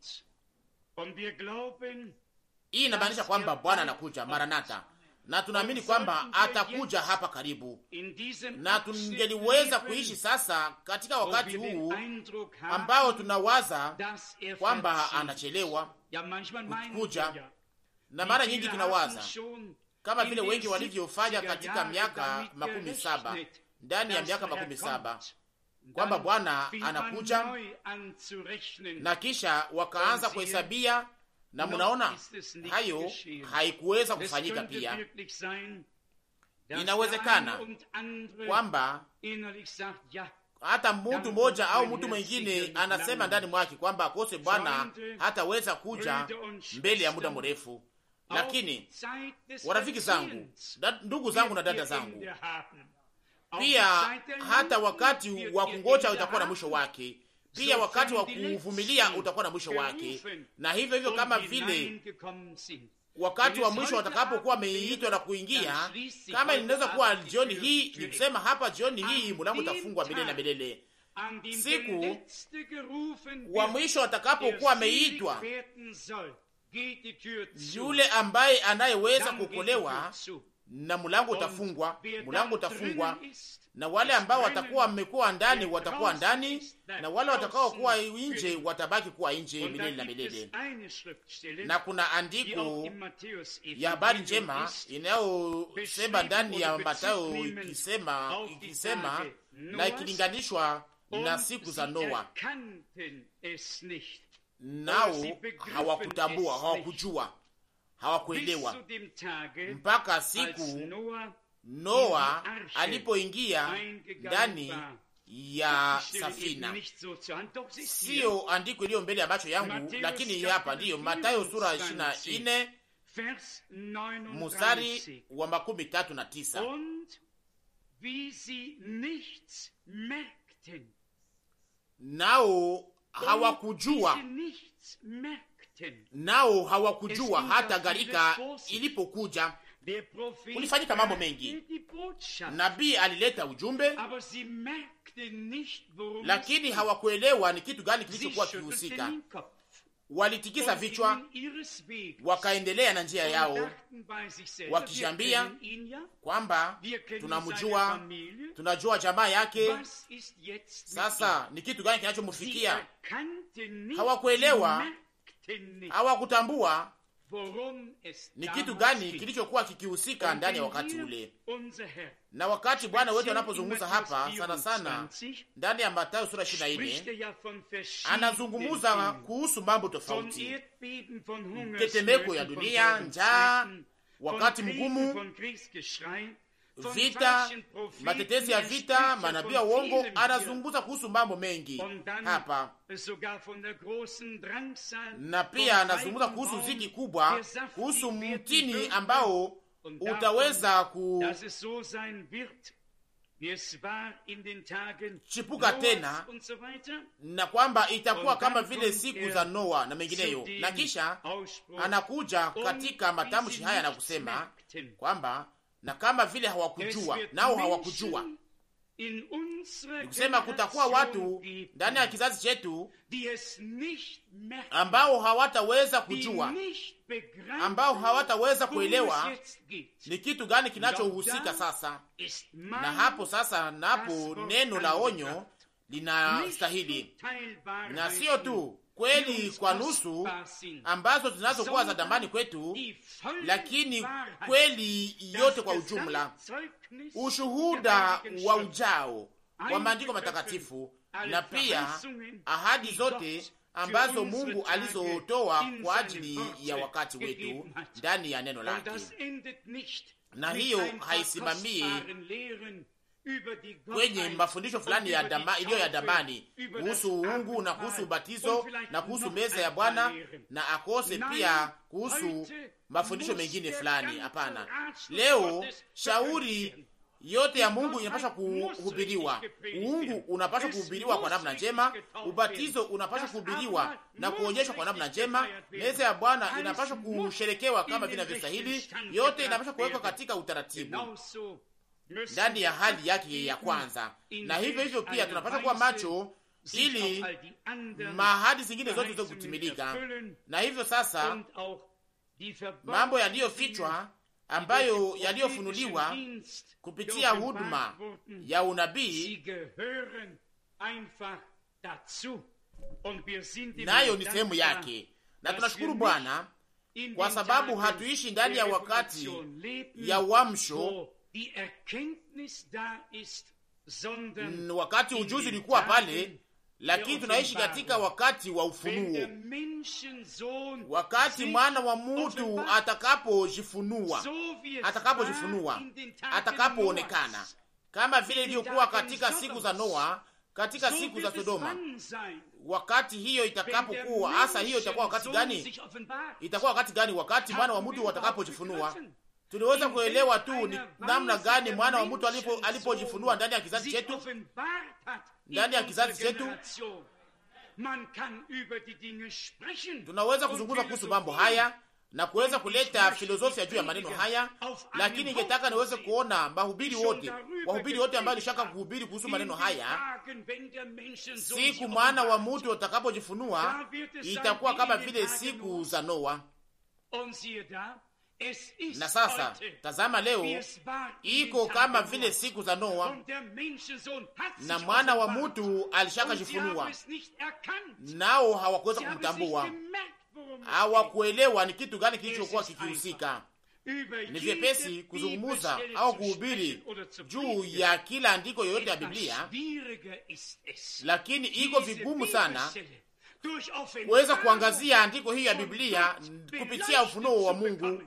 Hii inamaanisha kwamba Bwana anakuja maranata, na tunaamini kwamba atakuja hapa karibu, na tungeliweza kuishi sasa katika wakati huu ambao tunawaza kwamba anachelewa kuja, na mara nyingi tunawaza kama vile wengi walivyofanya katika miaka makumi saba, ndani ya miaka makumi saba kwamba Bwana anakuja, na kisha wakaanza kuhesabia, na mnaona hayo haikuweza kufanyika. Pia inawezekana kwamba hata mtu mmoja au mtu mwingine anasema ndani mwake kwamba akose Bwana hataweza kuja mbele ya muda mrefu. Lakini warafiki zangu, ndugu zangu na dada zangu, pia hata wakati wa kungoja utakuwa na mwisho wake, pia wakati wa kuvumilia utakuwa na mwisho wake, na hivyo hivyo kama vile wakati wa mwisho watakapokuwa wameitwa na kuingia. Kama inaweza kuwa jioni hii, ni kusema hapa jioni hii mlango utafungwa milele na milele. Siku wa mwisho watakapokuwa wameitwa, yule ambaye anayeweza kukolewa na mlango utafungwa, mlango utafungwa, na wale ambao watakuwa wamekuwa ndani watakuwa ndani, na wale watakao kuwa nje watabaki kuwa nje milele na milele. Na kuna andiko ya habari njema inayosema ndani ya Mathayo ikisema, ikisema na ikilinganishwa na siku za Noa, nao hawakutambua hawakujua hawakuelewa mpaka siku Noa alipoingia ndani ya safina. Siyo andiko iliyo mbele ya macho yangu, lakini hapa ndiyo Matayo sura ishirini na nne wa makumi tatu na tisa nao hawakujua nao hawakujua hata gharika ilipokuja. Kulifanyika mambo mengi, nabii alileta ujumbe, lakini hawakuelewa ni kitu gani kilichokuwa kihusika. Walitikisa vichwa, wakaendelea na njia yao, wakishambia kwamba tunamjua, tunajua jamaa yake, sasa ni kitu gani kinachomfikia. Hawakuelewa hawakutambua ni kitu gani kilichokuwa kikihusika ndani ya wakati ule. Na wakati Bwana wetu anapozungumza hapa sana sana ndani ya Mathayo sura 24 anazungumza kuhusu mambo tofauti: tetemeko ya dunia, njaa, wakati mgumu vita, matetesi ya vita, manabii wa uongo. Anazungumza kuhusu mambo mengi hapa, na pia anazungumza kuhusu ziki kubwa, kuhusu mtini ambao utaweza kuchipuka tena, na kwamba itakuwa kama vile siku za Noa na mengineyo. Na kisha anakuja katika matamshi haya na kusema kwamba na kama vile hawakujua nao hawakujua kusema kutakuwa watu ndani ya kizazi chetu ambao hawataweza kujua, ambao hawataweza kuelewa ni kitu gani kinachohusika sasa. Na hapo sasa, napo neno la onyo linastahili na sio tu kweli kwa nusu ambazo zinazokuwa za dhamani kwetu, lakini kweli yote kwa ujumla, ushuhuda wa ujao wa maandiko matakatifu na pia ahadi zote ambazo Mungu alizotoa kwa ajili ya wakati wetu ndani ya neno lake, na hiyo haisimamii kwenye mafundisho fulani ya dama, iliyo ya damani kuhusu uungu na kuhusu ubatizo na kuhusu meza ya Bwana na akose pia kuhusu mafundisho mengine fulani. Hapana, leo shauri yote ya Mungu inapaswa kuhubiriwa. Uungu unapaswa kuhubiriwa kwa namna njema, ubatizo unapaswa kuhubiriwa na kuonyeshwa kwa namna njema, meza ya Bwana inapaswa kusherekewa kama vinavyostahili. yote inapaswa kuwekwa katika utaratibu ndani ya hali yake ya kwanza, na hivyo hivyo pia tunapaswa kuwa macho ili mahadi zingine zote zote kutimilika. Na hivyo sasa mambo yaliyofichwa ambayo yaliyofunuliwa kupitia huduma ya unabii nayo ni sehemu yake, na tunashukuru Bwana kwa sababu hatuishi ndani ya wakati ya uamsho Mm, wakati ujuzi ulikuwa pale, lakini tunaishi katika wakati wa ufunuo, wakati mwana wa mutu atakapojifunua, atakapojifunua, atakapoonekana kama vile ilivyokuwa katika siku za Noa, katika siku za Sodoma. Wakati hiyo itakapokuwa hasa, hiyo itakuwa wakati gani? Itakuwa wakati gani? Wakati mwana wa mutu atakapojifunua tuliweza kuelewa tu ni namna gani mwana wa mtu alipo alipojifunua ndani ya kizazi chetu, ndani ya kizazi chetu. Tunaweza kuzungumza kuhusu mambo haya na kuweza kuleta filosofia juu ya maneno haya, lakini ningetaka niweze kuona mahubiri wote, wahubiri wote ambao lishaka kuhubiri kuhusu maneno haya. Siku mwana wa mtu atakapojifunua itakuwa kama vile siku za Noa. Na sasa tazama, leo iko kama vile siku za Noa, na mwana wa alishaka alishakajifunua, nao hawakuweza kumtambua, hawakuelewa ni kitu gani kilichokuwa kikihusika. Ni vyepesi kuzungumuza au kuhubiri juu ya kila andiko yoyote ya Biblia, lakini iko vigumu sana kuweza kuangazia andiko hii ya Biblia kupitia ufunuo wa Mungu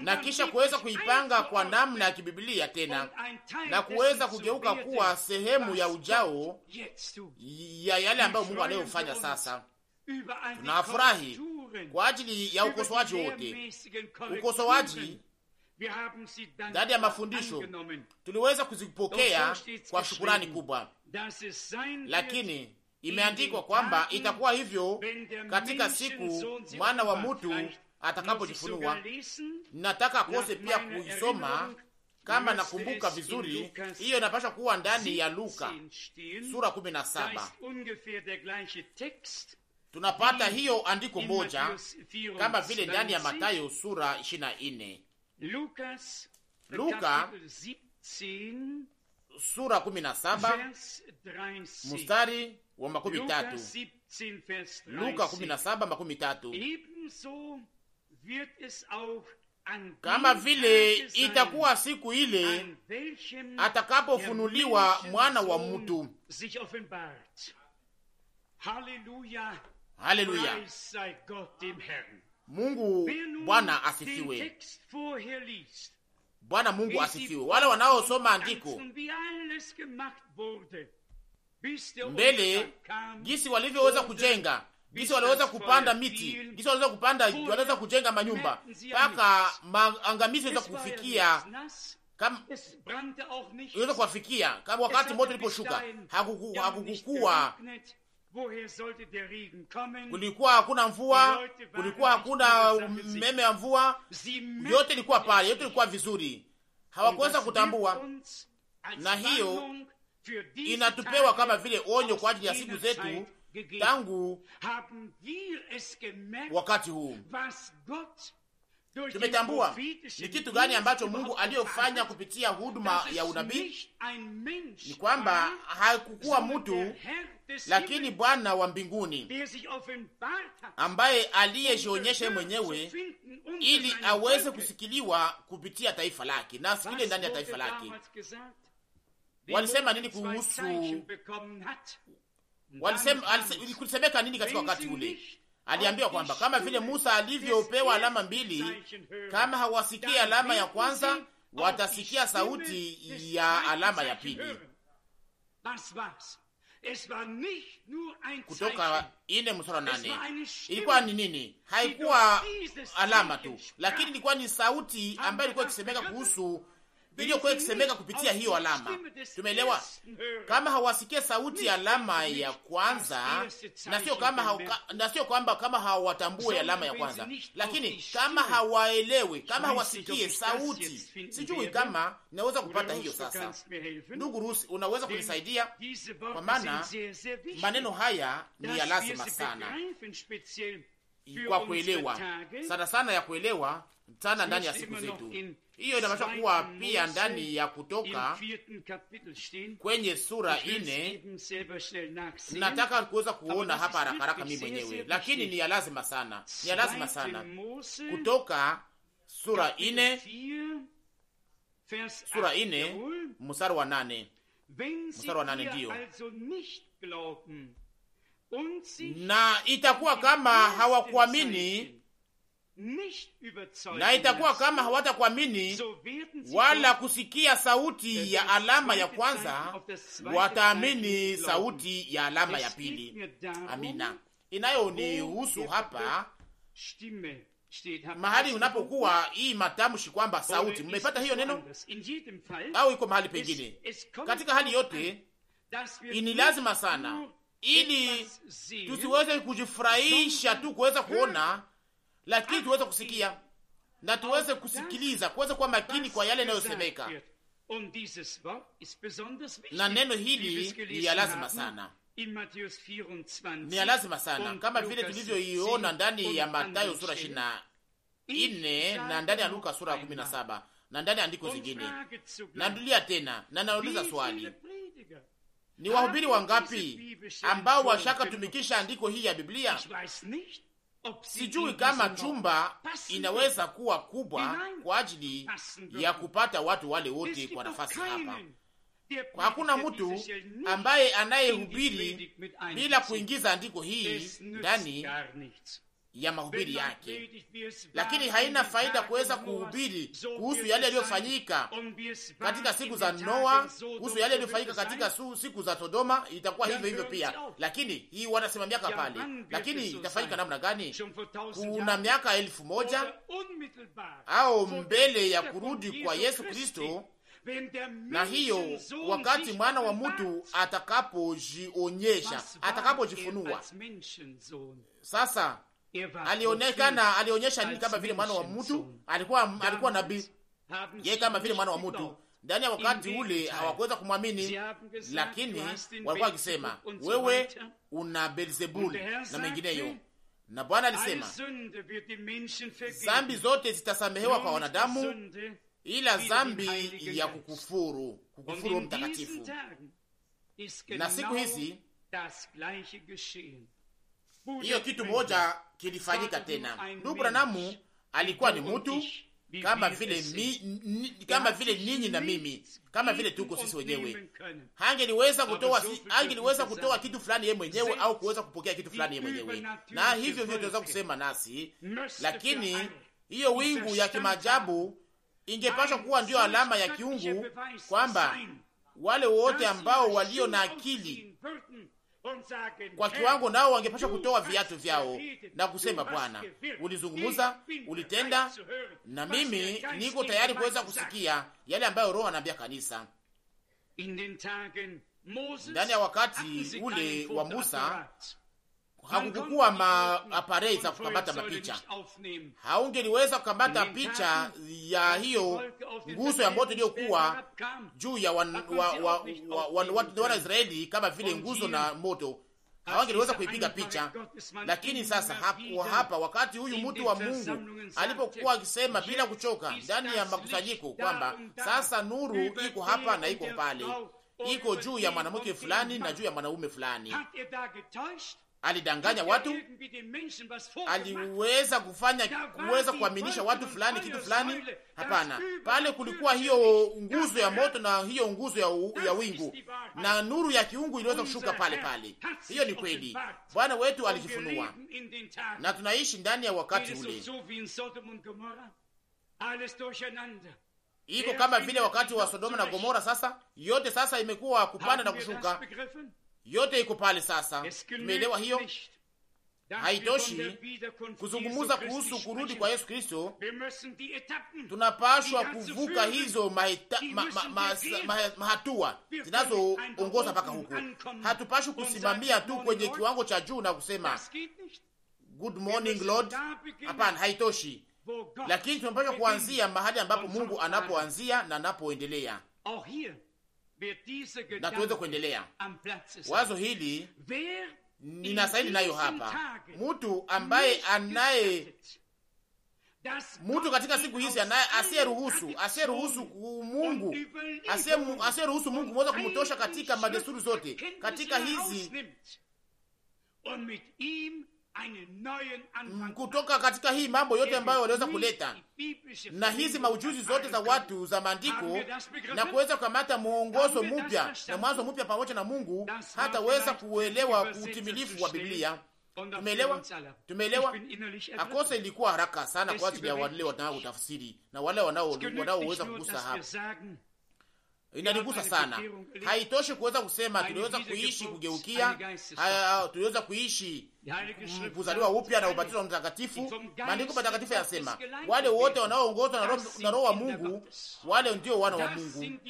na kisha kuweza kuipanga kwa namna ya kibiblia tena na kuweza kugeuka kuwa sehemu ya ujao ya yale ambayo Mungu anayofanya sasa. Tunafurahi kwa ajili ya ukosoaji wote, ukosoaji ndani ya mafundisho tuliweza kuzipokea kwa shukurani kubwa, lakini imeandikwa kwamba itakuwa hivyo katika siku mwana wa mtu atakapojifunua. Nataka kose pia kuisoma kama nakumbuka vizuri, hiyo inapaswa kuwa ndani ya Luka sura 17 tunapata hiyo andiko moja kama vile ndani ya Matayo sura 24, Luka sura 17 mstari wa makumi tatu, Luka 17 makumi tatu kama vile itakuwa siku ile atakapofunuliwa mwana wa mtu. Haleluya! Mungu Bwana asifiwe. Bwana Mungu asifiwe. Wale wanaosoma andiko mbele, jinsi walivyoweza kujenga Gisi waliweza kupanda miti, gisi waliweza kupanda, waliweza kujenga manyumba mpaka maangamizi weza kufikia kama weza kuwafikia kama wakati moto uliposhuka, hakukukua kulikuwa hakuna mvua, kulikuwa hakuna meme ya mvua, yote ilikuwa pale, yote ilikuwa vizuri, hawakuweza kutambua, na hiyo inatupewa kama vile onyo kwa ajili ya siku zetu tangu wakati huu tumetambua ni kitu gani ambacho Mungu aliyofanya kupitia huduma ya unabii. Ni kwamba hakukuwa mtu, lakini Bwana wa mbinguni ambaye aliyejionyesha mwenyewe ili aweze kusikiliwa kupitia taifa lake na asikile ndani ya taifa lake. Walisema nini kuhusu Walisema kulisemeka nini katika wakati ule? Aliambiwa kwamba kama vile Musa alivyopewa alama mbili, kama hawasikii alama ya kwanza, watasikia sauti ya alama ya pili. Kutoka ine msura nane. Ilikuwa ni nini? Haikuwa alama tu, lakini ilikuwa ni sauti ambayo ilikuwa ikisemeka kuhusu iliyokuwa ikisemeka kupitia hiyo alama. Tumeelewa kama hawasikie sauti ya alama ya kwanza, na sio kama hauka, na sio kwamba kama hawatambue alama ya kwanza, lakini kama hawaelewe, kama hawasikie sauti. Sijui kama naweza kupata hiyo sasa. Ndugu Rusi, unaweza kunisaidia? Kwa maana maneno haya ni ya lazima sana kwa kuelewa, sana sana ya kuelewa sana ndani ya siku zetu hiyo inapasha kuwa pia ndani ya Kutoka kwenye sura ine. Nataka kuweza kuona hapa haraka haraka mimi mwenyewe, lakini ni ya lazima sana, ni ya lazima sana. Kutoka sura ine, sura ine mstari wa nane, mstari wa nane ndiyo na itakuwa kama hawakuamini na itakuwa kama hawatakuamini wala kusikia sauti ya alama ya kwanza, wataamini sauti ya alama ya pili. Amina. inayo ni oh, husu hapa mahali unapokuwa hii matamshi kwamba sauti, mmepata hiyo neno au iko mahali pengine? Katika hali yote ni lazima sana, ili tusiweze kujifurahisha tu kuweza kuona lakini tuweze kusikia na tuweze kusikiliza, kuweze kuwa makini kwa yale yanayosemeka, na neno hili ni ya lazima sana ni ya lazima sana kama vile tulivyoiona ndani ya Mathayo sura 24 na ndani ya Luka sura ya 17 na ndani ya andiko zingine. Nandulia tena na nauliza swali, ni wahubiri wangapi ambao washaka tumikisha andiko hii ya Biblia? Sijui kama chumba inaweza kuwa kubwa kwa ajili ya kupata watu wale wote kwa nafasi hapa. Hakuna mtu ambaye anayehubiri bila kuingiza andiko hii ndani ya mahubiri yake, lakini haina faida kuweza kuhubiri kuhusu yale yaliyofanyika katika siku za Noa, kuhusu yale yaliyofanyika katika siku za Sodoma. Itakuwa hivyo hivyo pia, lakini hii wanasema miaka pale, lakini itafanyika namna gani? Kuna miaka elfu moja au mbele ya kurudi kwa Yesu Kristo na hiyo wakati mwana wa mtu atakapojionyesha, atakapojifunua. Sasa alionekana, alionyesha nini? Kama vile mwana wa mtu alikuwa, alikuwa nabii ye, kama vile mwana wa mtu ndani ya wakati ule hawakuweza kumwamini, lakini walikuwa wakisema wewe una Beelzebuli na mengineyo. Na Bwana alisema zambi zote zitasamehewa kwa wanadamu, ila zambi ya kukufuru, kukufuru Mtakatifu. Na siku hizi hiyo kitu moja kilifanyika tena. Ndugu Branamu alikuwa ni mtu kama vile mi, n, kama vile ninyi na mimi, kama vile tuko sisi wenyewe. Hangeliweza kutoa hangeliweza kutoa kitu fulani yeye mwenyewe au kuweza kupokea kitu fulani yeye mwenyewe, na hivyo hivyo tunaweza kusema nasi, lakini hiyo wingu ya kimajabu ingepaswa kuwa ndiyo alama ya kiungu kwamba wale wote ambao walio na akili kwa kiwango nao wangepasha kutoa viatu vyao na kusema, Bwana, ulizungumza, ulitenda, na mimi niko tayari kuweza kusikia yale ambayo Roho anaambia kanisa. Ndani ya wakati ule wa Musa hakukukuwa maaparei za kukamata mapicha, haungeliweza kukamata picha ya hiyo nguzo ya moto iliyokuwa juu ya Wanaisraeli kama vile nguzo na moto hawangeliweza kuipiga picha. Lakini sasa hapo hapa, wakati huyu mtu wa Mungu alipokuwa akisema bila kuchoka ndani ya makusanyiko kwamba sasa nuru iko hapa na iko pale, iko juu ya mwanamke fulani na juu ya mwanaume fulani, alidanganya watu, aliweza kufanya kuweza kuaminisha watu fulani kitu fulani. Hapana, pale kulikuwa hiyo nguzo ya moto na hiyo nguzo ya, ya wingu na nuru ya kiungu iliweza kushuka pale pale. Hiyo ni kweli, Bwana wetu alijifunua na tunaishi ndani ya wakati ule. Iko kama vile wakati wa Sodoma na Gomora. Sasa yote sasa imekuwa kupanda na kushuka yote iko pale. Sasa tumeelewa hiyo. Haitoshi kuzungumuza kuhusu kurudi kwa Yesu Kristo, tunapashwa kuvuka hizo mahatua zinazoongoza mpaka huku. Hatupashwi kusimamia tu kwenye kiwango cha juu na kusema good morning Lord. Hapana, haitoshi, lakini tunapashwa kuanzia mahali ambapo Mungu anapoanzia na anapoendelea na tuweze kuendelea. Wazo hili ninasaini nayo hapa, mtu ambaye anaye mtu katika siku hizi anaye asiyeruhusu asiyeruhusu Mungu asiye ruhusu Mungu mweza kumtosha katika madesturi zote katika hizi kutoka katika hii mambo yote ambayo waliweza kuleta na hizi maujuzi zote za watu za maandiko na kuweza kukamata mwongozo mpya na mwanzo mpya pamoja na Mungu, hataweza kuelewa utimilifu wa Biblia. Tumeelewa, tumeelewa. Akose ilikuwa haraka sana kwa ajili ya wale wanaotafsiri na wale wanaoweza kugusa hapa inanigusa sana. Haitoshi kuweza kusema tuliweza kuishi kugeukia, tuliweza kuishi kuzaliwa upya na ubatizo wa Mtakatifu. Maandiko Matakatifu yanasema wale wote wanaoongozwa na Roho wa Mungu, wale ndio wana wa Mungu,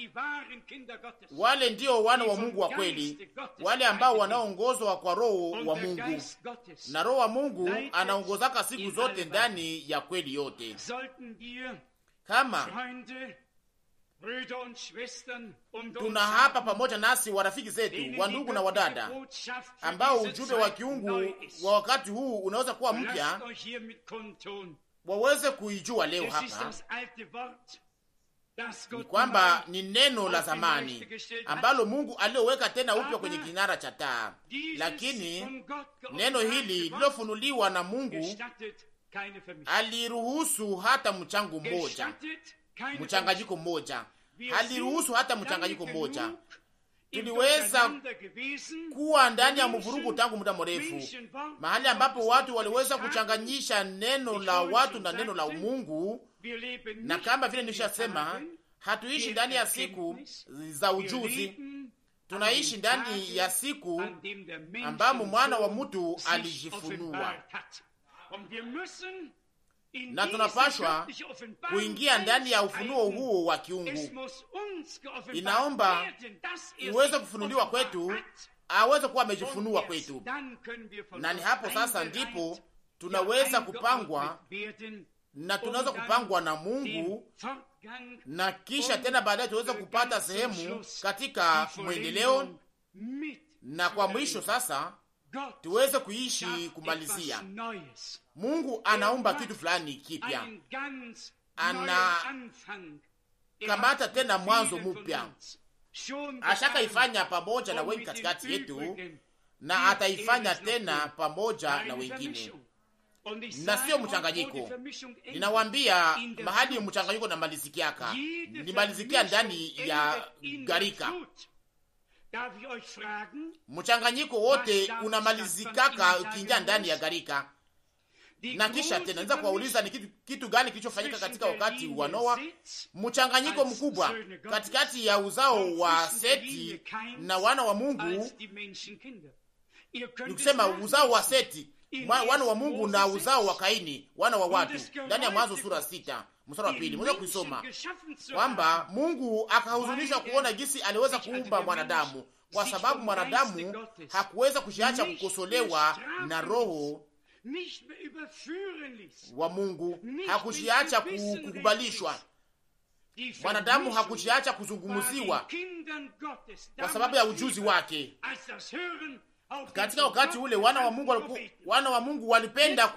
wale ndio wana wa Mungu wa kweli, wale ambao wanaoongozwa kwa Roho wa Mungu. Na Roho wa Mungu anaongozaka siku zote ndani ya kweli yote. Kama Um Tuna hapa pamoja nasi warafiki zetu, wandugu na wadada, ambao ujumbe wa kiungu wa wakati huu unaweza kuwa mpya, waweze kuijua leo hapa ni kwamba ni neno la zamani ambalo Mungu aliyoweka tena upya kwenye kinara cha taa, lakini neno hili lilofunuliwa na Mungu aliruhusu hata mchango mmoja mchanganyiko mmoja, haliruhusu hata mchanganyiko mmoja. Tuliweza kuwa ndani ya mvurugu tangu muda mrefu, mahali ambapo watu waliweza kuchanganyisha neno la watu na neno la Mungu, na kama vile nilishasema, hatuishi ndani ya siku za ujuzi, tunaishi ndani ya siku ambamo mwana wa mtu alijifunua na tunapashwa kuingia ndani ya ufunuo huo wa kiungu. Inaomba iweze kufunuliwa kwetu, aweze kuwa amejifunua kwetu, na ni hapo sasa ndipo tunaweza um kupangwa na tunaweza kupangwa na Mungu na kisha um tena baadaye tuweze kupata sehemu katika mwendeleo na kwa mwisho sasa tuweze kuishi kumalizia. Mungu anaumba kitu fulani kipya, anakamata tena mwanzo mupya ashakaifanya pamoja na wengi katikati yetu, na ataifanya tena pamoja na wengine na sio mchanganyiko. Ninawambia mahali mchanganyiko namalizikiaka, nimalizikia ndani ya gharika mchanganyiko wote unamalizikaka ukiingia ndani ya gharika. Na kisha tena naweza kuwauliza ni kitu, kitu gani kilichofanyika katika wakati wa Noa? Mchanganyiko mkubwa katikati ya uzao wa Seti na wana wa Mungu, nikusema uzao wa Seti wana wa Mungu na uzao wa Kaini, wana wa watu, ndani ya Mwanzo sura sita mstari wa pili mweza kuisoma kwamba Mungu akahuzunisha kuona jinsi aliweza kuumba mwanadamu, kwa sababu mwanadamu hakuweza kushiacha kukosolewa na roho wa Mungu, hakushiacha kukubalishwa mwanadamu hakujiacha kuzungumziwa kwa sababu ya ujuzi wake, katika wakati ule wana wa Mungu waliku, wana wa Mungu walipenda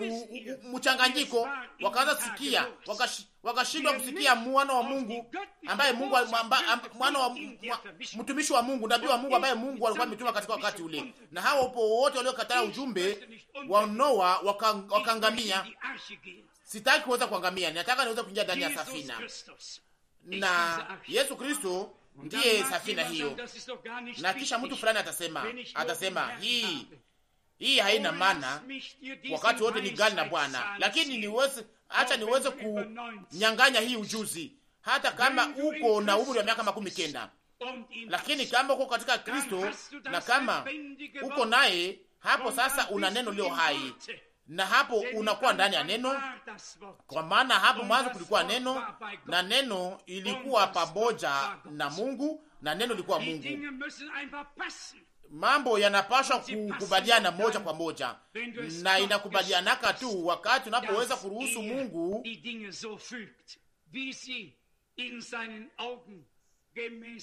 mchanganyiko, wakaanza kusikia wakashindwa kusikia mwana wa Mungu ambaye Mungu mwana wa mtumishi wa Mungu, nabii wa Mungu ambaye Mungu alikuwa ametuma katika wakati ule, na hao hapo wote waliokataa ujumbe wa Noa wakaangamia. Sitaki kuweza kuangamia, nataka niweze kuingia ndani ya safina na Yesu Kristo ndiye safina hiyo. Na kisha mtu fulani atasema, atasema hii hii haina maana, wakati wote ni gani na Bwana, lakini niweze, acha niweze kunyang'anya hii ujuzi, hata kama uko na umri wa miaka makumi kenda, lakini kama uko katika Kristo na kama uko naye hapo sasa, una neno lio hai na hapo unakuwa ndani ya neno, kwa maana hapo mwanzo kulikuwa neno, na neno ilikuwa pamoja na Mungu, na neno ilikuwa Mungu. Mambo yanapashwa kukubaliana moja kwa moja, na inakubalianaka tu wakati unapoweza kuruhusu Mungu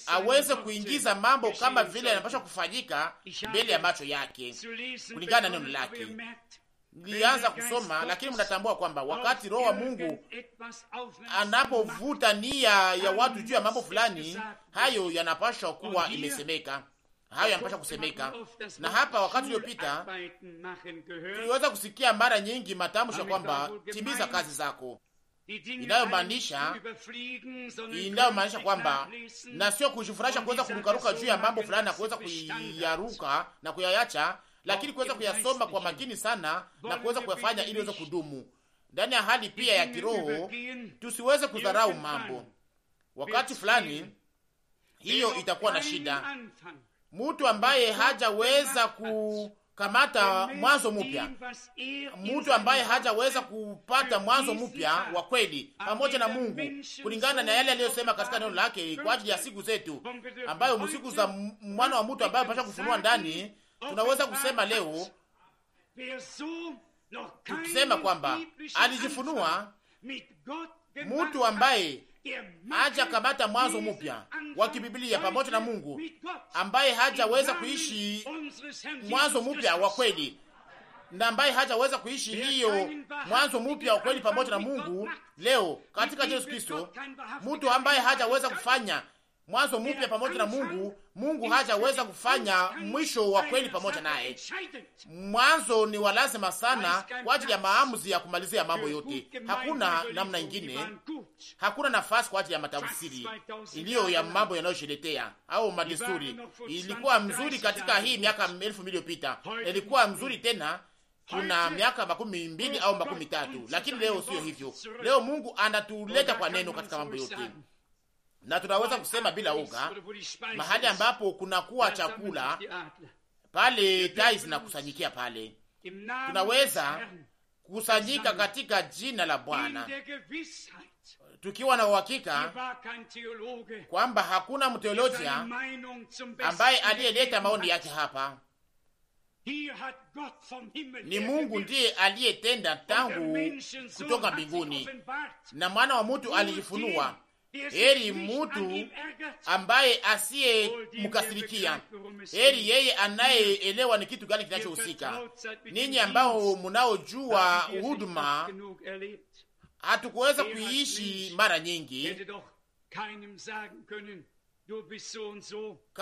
aweze kuingiza mambo kama vile yanapashwa kufanyika mbele ya macho yake kulingana na neno lake nilianza kusoma, lakini mnatambua kwamba oh, wakati Roho wa Mungu anapovuta nia ya watu juu ya mambo fulani, hayo yanapashwa kuwa imesemeka, hayo yanapasha kusemeka. Na hapa wakati uliopita tuliweza kusikia mara nyingi matamsho kwamba timiza kazi zako, inayomaanisha inayomaanisha kwamba na sio kujifurahisha kuweza kurukaruka juu ya mambo fulani na kuweza kuyaruka na kuyayacha lakini kuweza kuyasoma kwa makini sana na kuweza kuyafanya ili iweze kudumu ndani ya hali pia ya kiroho. Tusiweze kudharau mambo, wakati fulani hiyo itakuwa na shida. Mtu ambaye hajaweza kukamata mwanzo mpya, mtu ambaye hajaweza kupata mwanzo mpya wa kweli pamoja na Mungu, kulingana na yale aliyosema katika neno lake kwa ajili ya siku zetu, ambayo msiku za mwana wa mtu ambaye pasha kufunua ndani tunaweza kusema leo tukisema kwamba alijifunua mtu ambaye haja kamata mwanzo mpya wa kibiblia pamoja na Mungu, ambaye hajaweza kuishi mwanzo mpya wa kweli na ambaye hajaweza kuishi hiyo mwanzo mpya wa kweli pamoja na Mungu leo katika Yesu Kristo, mtu ambaye hajaweza kufanya mwanzo mpya pamoja na Mungu. Mungu hajaweza kufanya mwisho wa kweli pamoja naye. Mwanzo ni wa lazima sana kwa ajili ya maamuzi ya kumalizia mambo yote. Hakuna namna ingine, hakuna nafasi kwa ajili ya matafsiri iliyo ya mambo yanayosheletea au madesturi. Ilikuwa mzuri katika hii miaka elfu mbili iliyopita, ilikuwa mzuri tena kuna miaka makumi mbili au makumi tatu, lakini leo sio hivyo. Leo Mungu anatuleta kwa neno katika mambo yote na tunaweza kusema bila uga, mahali ambapo kunakuwa chakula pale, tai zinakusanyikia pale. Tunaweza kusanyika katika jina la Bwana tukiwa na uhakika kwamba hakuna mteolojia ambaye aliyeleta maoni yake hapa. Ni Mungu ndiye aliyetenda tangu kutoka mbinguni, na mwana wa mtu alijifunua Heri mutu ambaye asiye asiyemkasirikia, heri yeye anayeelewa ni kitu gani kinachohusika. Ninyi ambao munaojua huduma, hatukuweza kuiishi mara nyingi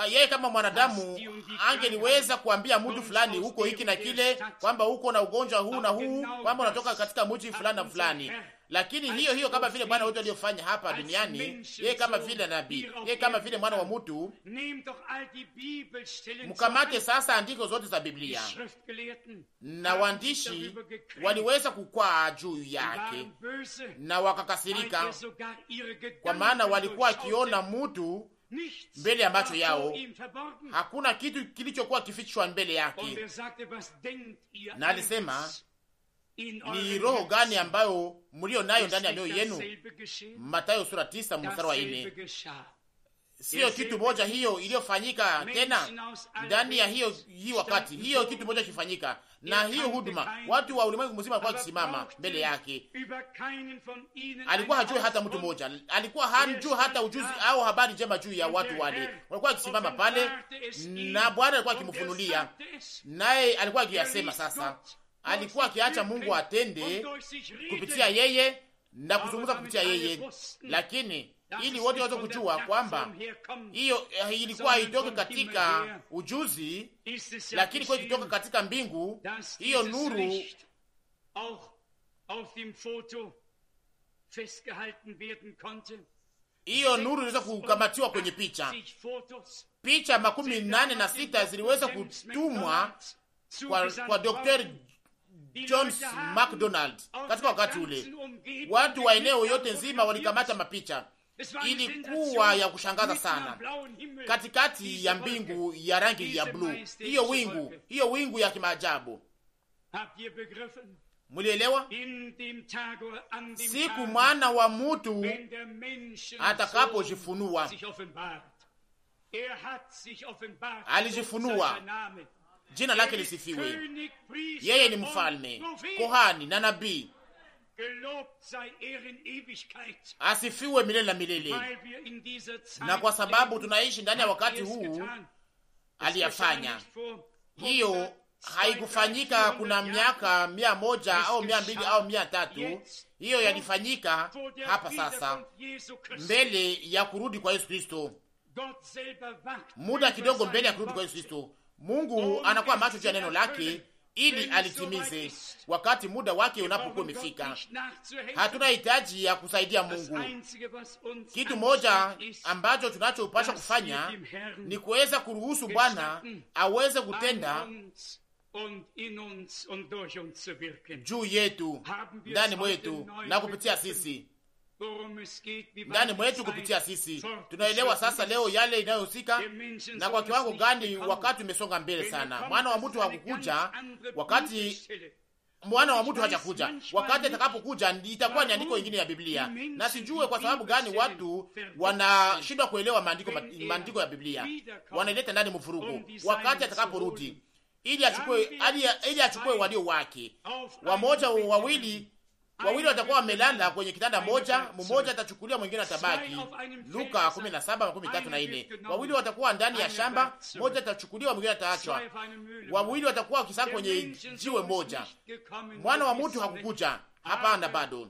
yeye kama mwanadamu angeliweza kuambia mtu fulani huko hiki na kile, kwamba huko na ugonjwa huu na huu, kwamba unatoka katika mji fulani na fulani, lakini hiyo hiyo kama vile Bwana wetu aliyofanya hapa duniani, yeye kama vile nabii, yeye kama vile mwana wa mtu. Mkamate sasa andiko zote za Biblia na waandishi waliweza kukwaa juu yake na wakakasirika, kwa maana walikuwa akiona mtu mbele ya macho yao, hakuna kitu kilichokuwa kifichwa mbele yake, er na alisema ni roho gani ambayo mlio nayo ndani ya mioyo yenu? Mathayo sura tisa mstari wa nne. Siyo kitu moja hiyo iliyofanyika tena ndani ya hiyo hii wakati hiyo kitu moja kifanyika, na hiyo huduma watu wa ulimwengu mzima kwa kusimama mbele yake. Alikuwa hajui hata mtu mmoja, alikuwa hajui hata ujuzi au habari njema juu ya watu wale. Walikuwa wakisimama pale na Bwana alikuwa akimfunulia, naye alikuwa akiyasema sasa alikuwa akiacha Mungu atende kupitia yeye na kuzungumza kupitia yeye, lakini ili wote waweze kujua kwamba hiyo eh, ilikuwa haitoke katika ujuzi, lakini kwa ikitoka katika mbingu. Hiyo nuru hiyo nuru iliweza kukamatiwa kwenye picha. Picha makumi nane na sita ziliweza kutumwa kwa, kwa Dr. Johns McDonald katika wakati ule, watu wa eneo yote nzima walikamata mapicha. Ilikuwa ya kushangaza sana, katikati ya mbingu ya rangi ya bluu, hiyo wingu, hiyo wingu ya kimaajabu. Mulielewa? Siku mwana wa mutu atakapojifunua, er alijifunua Jina lake lisifiwe. Yeye ni mfalme, kohani na nabii. Er Asifiwe milele na milele. Na kwa sababu tunaishi ndani ya wakati huu, aliyafanya hiyo. Haikufanyika kuna miaka mia moja au mia mbili au mia tatu. Hiyo yalifanyika hapa sasa, mbele ya kurudi kwa Yesu Kristo, muda kidogo mbele ya kurudi kwa Yesu Kristo. Mungu oh, anakuwa macho juu ya neno lake ili alitimize wakati muda wake unapokuwa umefika. Hatuna hitaji ya kusaidia Mungu. Kitu moja ambacho tunachopasha kufanya ni kuweza kuruhusu Bwana aweze kutenda juu yetu, ndani mwetu na kupitia sisi ndani mwetu kupitia sisi. Tunaelewa sasa leo yale inayohusika na kwa kiwango gani wakati umesonga mbele sana. Mwana wa mtu hakukuja wakati mwana wa mtu hajakuja. Wakati atakapokuja itakuwa ni andiko ingine ya Biblia, na sijue kwa sababu gani watu wanashindwa kuelewa maandiko, maandiko ya Biblia wanaileta ndani mfurugu. Wakati atakaporudi ili achukue, ili achukue walio wake, wamoja wawili wawili watakuwa wamelala kwenye kitanda moja, mmoja atachukuliwa mwingine atabaki. Luka 17:34. Wawili watakuwa ndani ya shamba, mmoja atachukuliwa mwingine ataachwa. Wawili watakuwa wakisaka kwenye jiwe moja. Mwana wa mtu hakukuja, hapana bado,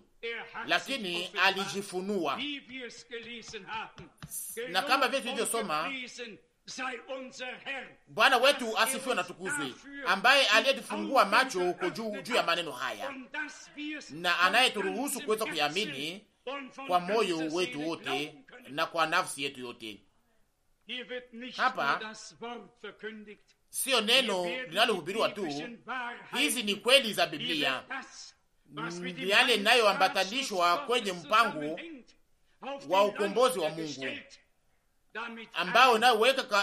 lakini alijifunua, na kama vile tulivyosoma Bwana wetu asifiwe na tukuzwe, ambaye aliyetufungua macho huko juu juu ya maneno haya na anayeturuhusu kuweza kuyamini kwa moyo wetu wote na kwa nafsi yetu yote. Hapa siyo neno linalohubiriwa tu, hizi ni kweli za Biblia, yale inayoambatanishwa kwenye mpango wa ukombozi wa Mungu ambao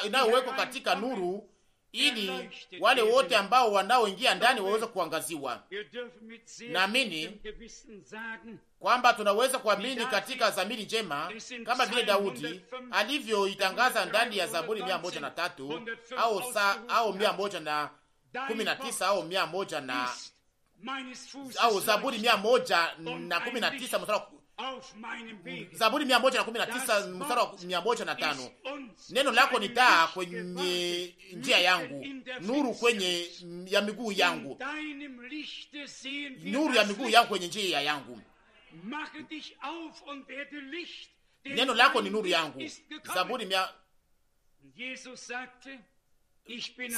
inayowekwa katika nuru, ili wale wote ambao wanaoingia ndani waweze kuangaziwa. Naamini kwamba tunaweza kuamini katika dhamiri njema kama vile Daudi alivyoitangaza ndani ya Zaburi mia moja na tatu au sa au mia moja na kumi na tisa au mia moja na au Zaburi mia moja na kumi na tisa mstari Zaburi mia moja na kumi na tisa mstari wa mia moja na tano neno lako ni taa kwenye njia yangu, nuru kwenye ya miguu yangu, nuru ya miguu yangu kwenye njia yangu. Neno lako ni nuru yangu. Zaburi mia...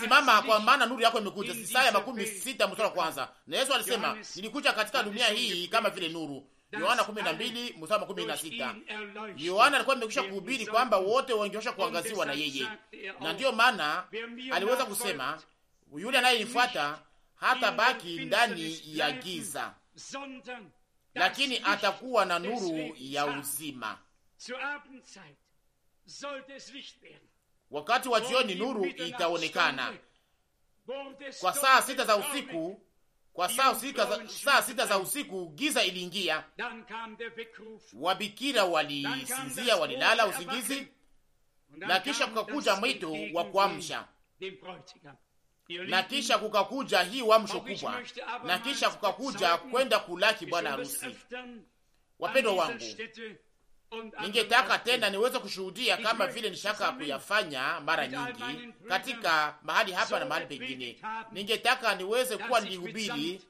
Simama, kwa maana nuru yako imekuja. Isaya makumi sita mstari wa kwanza. Na Yesu alisema nilikuja katika dunia hii kama vile nuru Yohana kumi na mbili mstari na sita. Yohana alikuwa amekwisha kuhubiri kwamba wote wangeosha kuangaziwa na yeye, na ndiyo maana aliweza kusema yule anayenifuata hata baki ndani ya giza, lakini atakuwa na nuru ya uzima. Wakati wa jioni nuru itaonekana. Kwa saa sita za usiku kwa saa sita za, saa sita za usiku giza iliingia, wabikira walisinzia, walilala usingizi, na kisha kukakuja mwito wa kuamsha, na kisha kukakuja hii wamsho kubwa, na kisha kukakuja kwenda kulaki bwana harusi. Wapendwa wangu, Ningetaka tena niweze kushuhudia kama vile nishaka kuyafanya mara nyingi katika mahali hapa na mahali pengine. Ningetaka niweze kuwa nilihubiri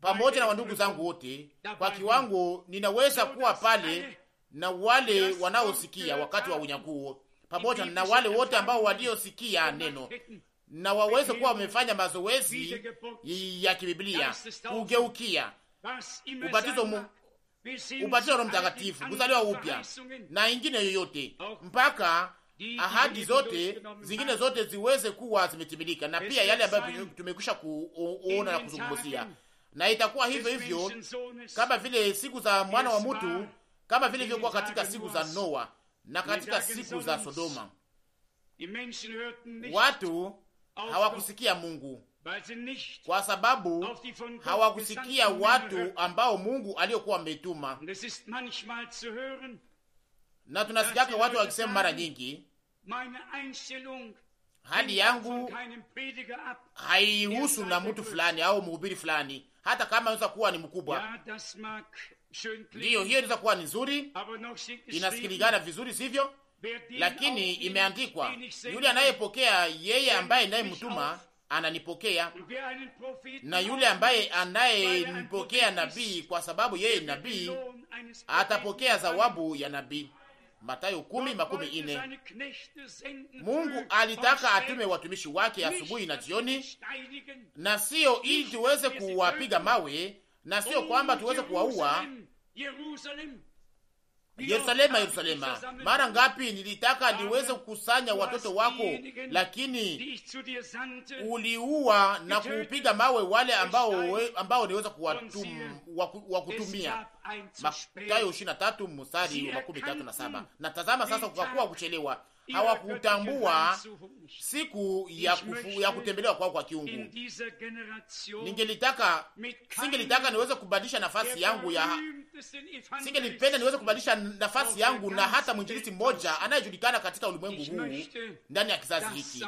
pamoja na wandugu zangu wote kwa kiwango ninaweza kuwa pale, na wale wanaosikia wakati wa unyakuo, pamoja na wale wote ambao waliosikia neno na waweze kuwa wamefanya mazoezi ya kibiblia kugeukia ubatizo upatiwa Roho Mtakatifu, kuzaliwa upya na ingine yoyote, mpaka ahadi zote zingine zote ziweze kuwa zimetimilika, na pia yale ambayo tumekwisha kuona na kuzungumzia. Na itakuwa hivyo hivyo kama vile siku za mwana wa mtu, kama vile ilivyokuwa katika siku za Noa na katika siku za Sodoma. Watu hawakusikia Mungu kwa sababu hawakusikia watu ambao Mungu aliyokuwa ametuma. Na tunasikiaka watu wakisema mara nyingi, hali yangu haihusu na mtu fulani au mhubiri fulani, hata kama anaweza kuwa ni mkubwa. Ndiyo, hiyo inaweza kuwa ni nzuri, inasikilikana vizuri, sivyo? Lakini imeandikwa, yule anayepokea yeye ambaye naye mtuma ananipokea, na yule ambaye anayenipokea nabii, kwa sababu yeye nabii, atapokea zawabu ya nabii. Matayo kumi makumi ine. Mungu alitaka atume watumishi wake asubuhi na jioni, na sio ili tuweze kuwapiga mawe, na sio kwamba oh, tuweze kuwaua Yerusalema, Yerusalema, mara ngapi nilitaka niweze kukusanya watoto wako, lakini uliua na kuupiga mawe wale ambao, ambao niweza kuwatum, wakutumia. Mathayo 23 mstari wa 37. Na tazama sasa, kukakuwa kuchelewa hawakutambua siku ya, kufu, ya kutembelewa kwao kwa kiungu. Ningelitaka, singelitaka niweze kubadilisha nafasi yangu ya, singelipenda niweze kubadilisha nafasi yangu na hata mwinjilisti mmoja anayejulikana katika ulimwengu huu ndani ya kizazi hiki.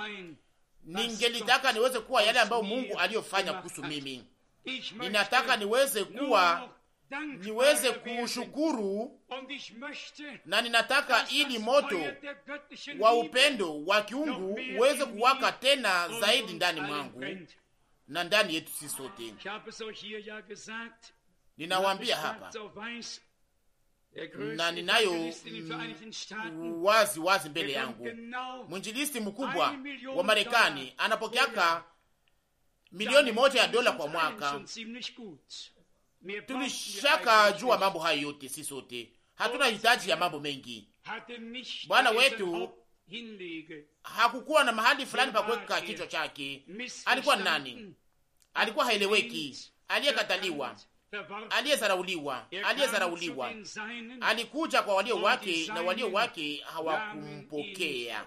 Ningelitaka niweze kuwa yale ambayo Mungu aliyofanya kuhusu mimi. Ninataka niweze kuwa niweze kuushukuru, na ninataka ili moto wa upendo wa kiungu uweze kuwaka tena zaidi ndani mwangu na ndani yetu sisi sote. Ninawambia hapa na ninayo mm, wazi wazi mbele yangu, mwinjilisti mkubwa wa Marekani anapokeaka milioni moja ya dola kwa mwaka Tulishaka jua mambo hayo yote, si sote hatuna hitaji ya mambo mengi. Bwana wetu hakukuwa na mahali fulani pa kuweka kichwa chake. Alikuwa nani? Mm. Alikuwa haeleweki, aliyekataliwa, aliyezarauliwa, aliyezarauliwa. Alikuja kwa walio wake na walio wake hawakumpokea.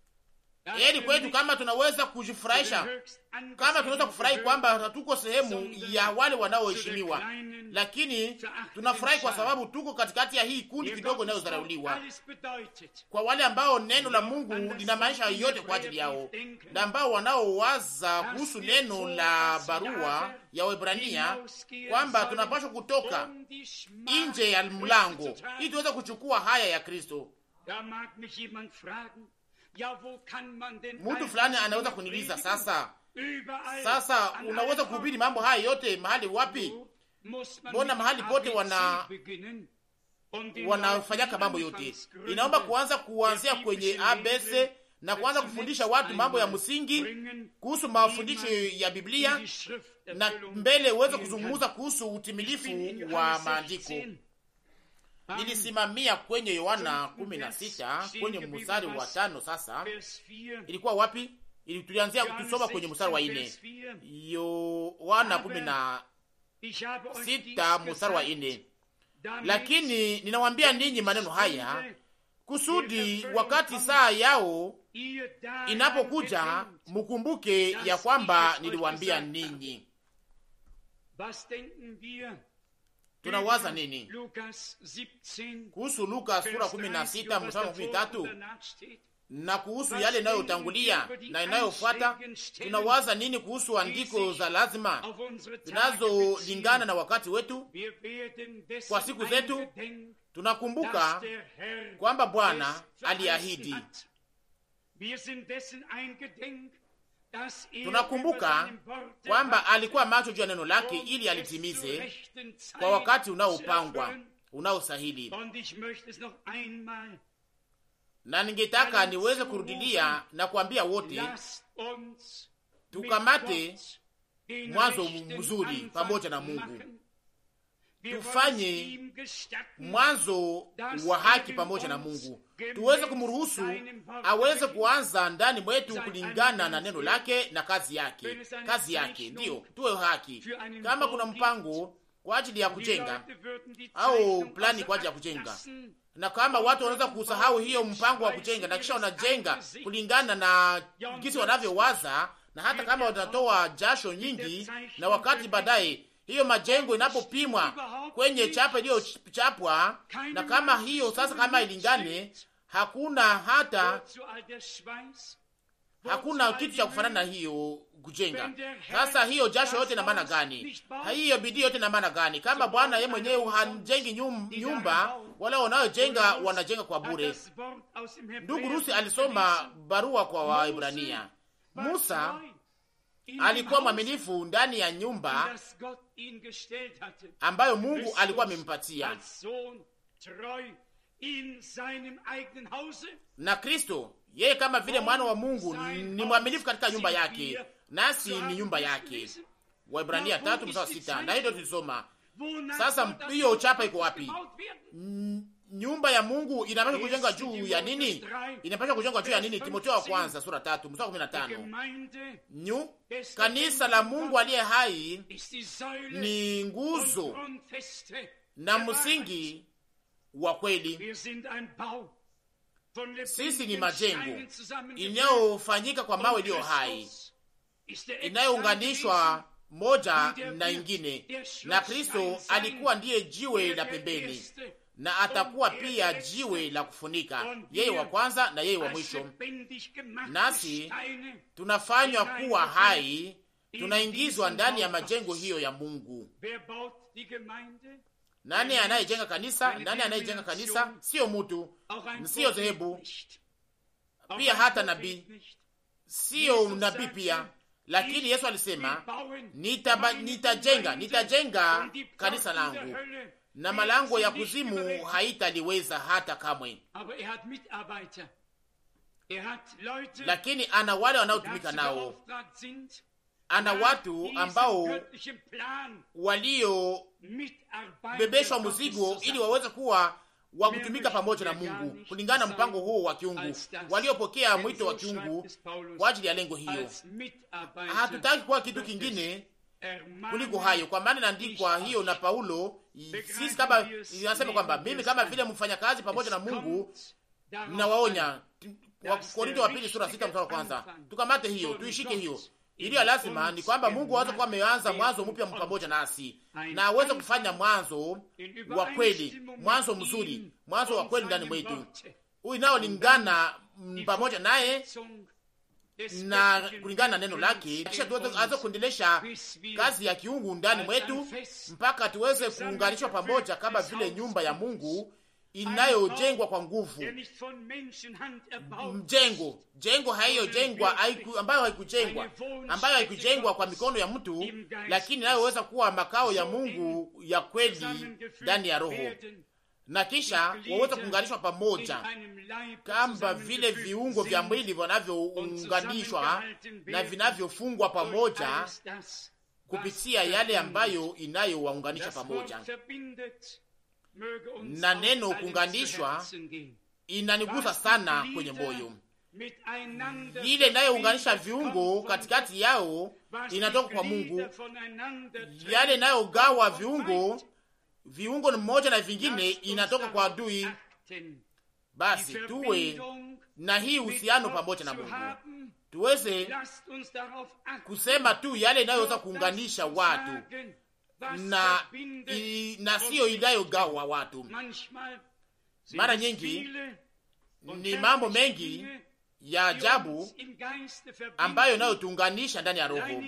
Heri yaani yaani kwetu kama tunaweza kujifurahisha, kama tunaweza kufurahi kwamba hatuko sehemu ya wale wanaoheshimiwa, lakini tunafurahi kwa sababu tuko katikati ya hii kundi kidogo inayodharauliwa, kwa wale ambao neno la Mungu lina maisha yote kwa ajili yao, na ambao wanaowaza kuhusu neno la barua ya Waebrania kwamba tunapaswa kutoka nje ya mlango ili tuweze kuchukua haya ya Kristo. Mtu fulani anaweza kuniuliza sasa, sasa unaweza kuhubiri mambo haya yote mahali wapi? Mbona mahali pote wana wanafanyaka mambo yote. Inaomba kuanza kuanzia kwenye abc na kuanza kufundisha watu mambo ya msingi kuhusu mafundisho ya Biblia na mbele uweze kuzungumza kuhusu utimilifu wa maandiko nilisimamia kwenye Yohana 16 kwenye mstari wa tano. Sasa ilikuwa wapi? Ili tulianzia tusoma kwenye mstari wa nne, Yohana kumi na sita mstari wa nne. Lakini ninawambia ninyi maneno haya kusudi wakati saa yao inapokuja mukumbuke ya kwamba niliwaambia ninyi tunawaza nini kuhusu Luka sura 16 mstari 13 na kuhusu yale inayotangulia na inayofuata? Tunawaza nini kuhusu andiko za lazima zinazolingana na wakati wetu kwa siku zetu? Tunakumbuka kwamba Bwana aliahidi Tunakumbuka kwamba alikuwa macho juu ya neno lake ili alitimize kwa wakati unaopangwa unaosahili Na ningetaka niweze kurudilia na kuambia wote tukamate mwanzo mzuri pamoja na Mungu tufanye mwanzo wa haki pamoja na Mungu, tuweze kumruhusu aweze kuanza ndani mwetu kulingana na neno lake na kazi yake. Kazi yake ndiyo tuwe haki. Kama kuna mpango kwa ajili ya kujenga au plani kwa ajili ya kujenga, na kama watu wanaweza kusahau hiyo mpango wa kujenga na kisha wanajenga kulingana na jinsi wanavyowaza, na hata kama watatoa jasho nyingi na wakati baadaye hiyo majengo inapopimwa kwenye chapa iliyochapwa, na kama hiyo sasa, kama ilingane, hakuna hata hakuna kitu cha kufanana na hiyo kujenga. Sasa hiyo jasho yote na maana gani? Hiyo bidii yote na maana gani? Kama Bwana yeye mwenyewe hajengi nyumba, wala wanaojenga wanajenga kwa bure. Ndugu Rusi alisoma barua kwa Waebrania. Musa alikuwa mwaminifu ndani ya nyumba ambayo Mungu alikuwa amempatia, na Kristo yeye kama vile mwana wa Mungu ni mwaminifu katika nyumba yake, nasi ni nyumba yake. Waibrania tatu mstari sita. Na hiyo tulisoma sasa, hiyo uchapa iko wapi? nyumba ya Mungu inapaswa kujengwa juu ya nini? Inapaswa kujengwa juu ya nini? Timotheo wa kwanza sura tatu mstari wa 15. Nyu kanisa la Mungu aliye hai ni nguzo na msingi wa kweli. Sisi ni majengo inayofanyika kwa mawe iliyo hai inayounganishwa moja na ingine, na Kristo alikuwa ndiye jiwe la pembeni na atakuwa pia jiwe la kufunika, yeye wa kwanza na yeye wa mwisho. Nasi tunafanywa kuwa hai, tunaingizwa ndani ya majengo hiyo ya Mungu. Nani anayejenga kanisa? Nani anayejenga kanisa? Sio mutu, sio dhehebu, pia hata nabii, siyo nabii pia lakini Yesu alisema nitajenga, nitajenga nitajenga kanisa langu na malango ya kuzimu haitaliweza hata kamwe, lakini ana wale wanaotumika nao, ana watu ambao waliobebeshwa mzigo ili waweze kuwa wa kutumika pamoja na Mungu kulingana na mpango huo wa kiungu, waliopokea mwito wa kiungu kwa ajili ya lengo hiyo. Hatutaki kuwa kitu kingine kuliko hayo, kwa maana inaandikwa hiyo na Paulo sisi kama inasema kwamba mimi kama vile mfanyakazi pamoja na Mungu nawaonya. Wakorintho wa pili sura sita mstari wa kwanza. Tukamate hiyo, tuishike hiyo. Iliyo lazima ni kwamba Mungu aweze kuwa ameanza mwanzo mpya pamoja nasi na aweze kufanya mwanzo wa kweli, mwanzo mzuri, mwanzo wa kweli ndani mwetu, huyu nao lingana pamoja naye na kulingana na neno lake, kisha tuweze kuendelesha kazi ya kiungu ndani mwetu mpaka tuweze kuunganishwa pamoja kama vile nyumba ya Mungu inayojengwa kwa nguvu, mjengo jengo haiku, ambayo haikujengwa ambayo haikujengwa kwa mikono ya mtu, lakini inayoweza kuwa makao ya Mungu ya kweli ndani ya Roho na kisha waweze kuunganishwa pamoja kama vile viungo vya mwili vinavyounganishwa na vinavyofungwa pamoja kupitia yale ambayo inayowaunganisha pamoja. Na neno kuunganishwa inanigusa sana kwenye moyo, ile inayounganisha viungo katikati yao inatoka kwa Mungu, yale inayogawa viungo viungo mmoja na vingine inatoka kwa adui, basi tuwe na hii uhusiano pamoja na Mungu, tuweze kusema tu yale inayoweza kuunganisha watu na, i, na siyo inayogawa watu. Mara nyingi ni mambo mengi ya ajabu ambayo inayotuunganisha ndani ya Roho,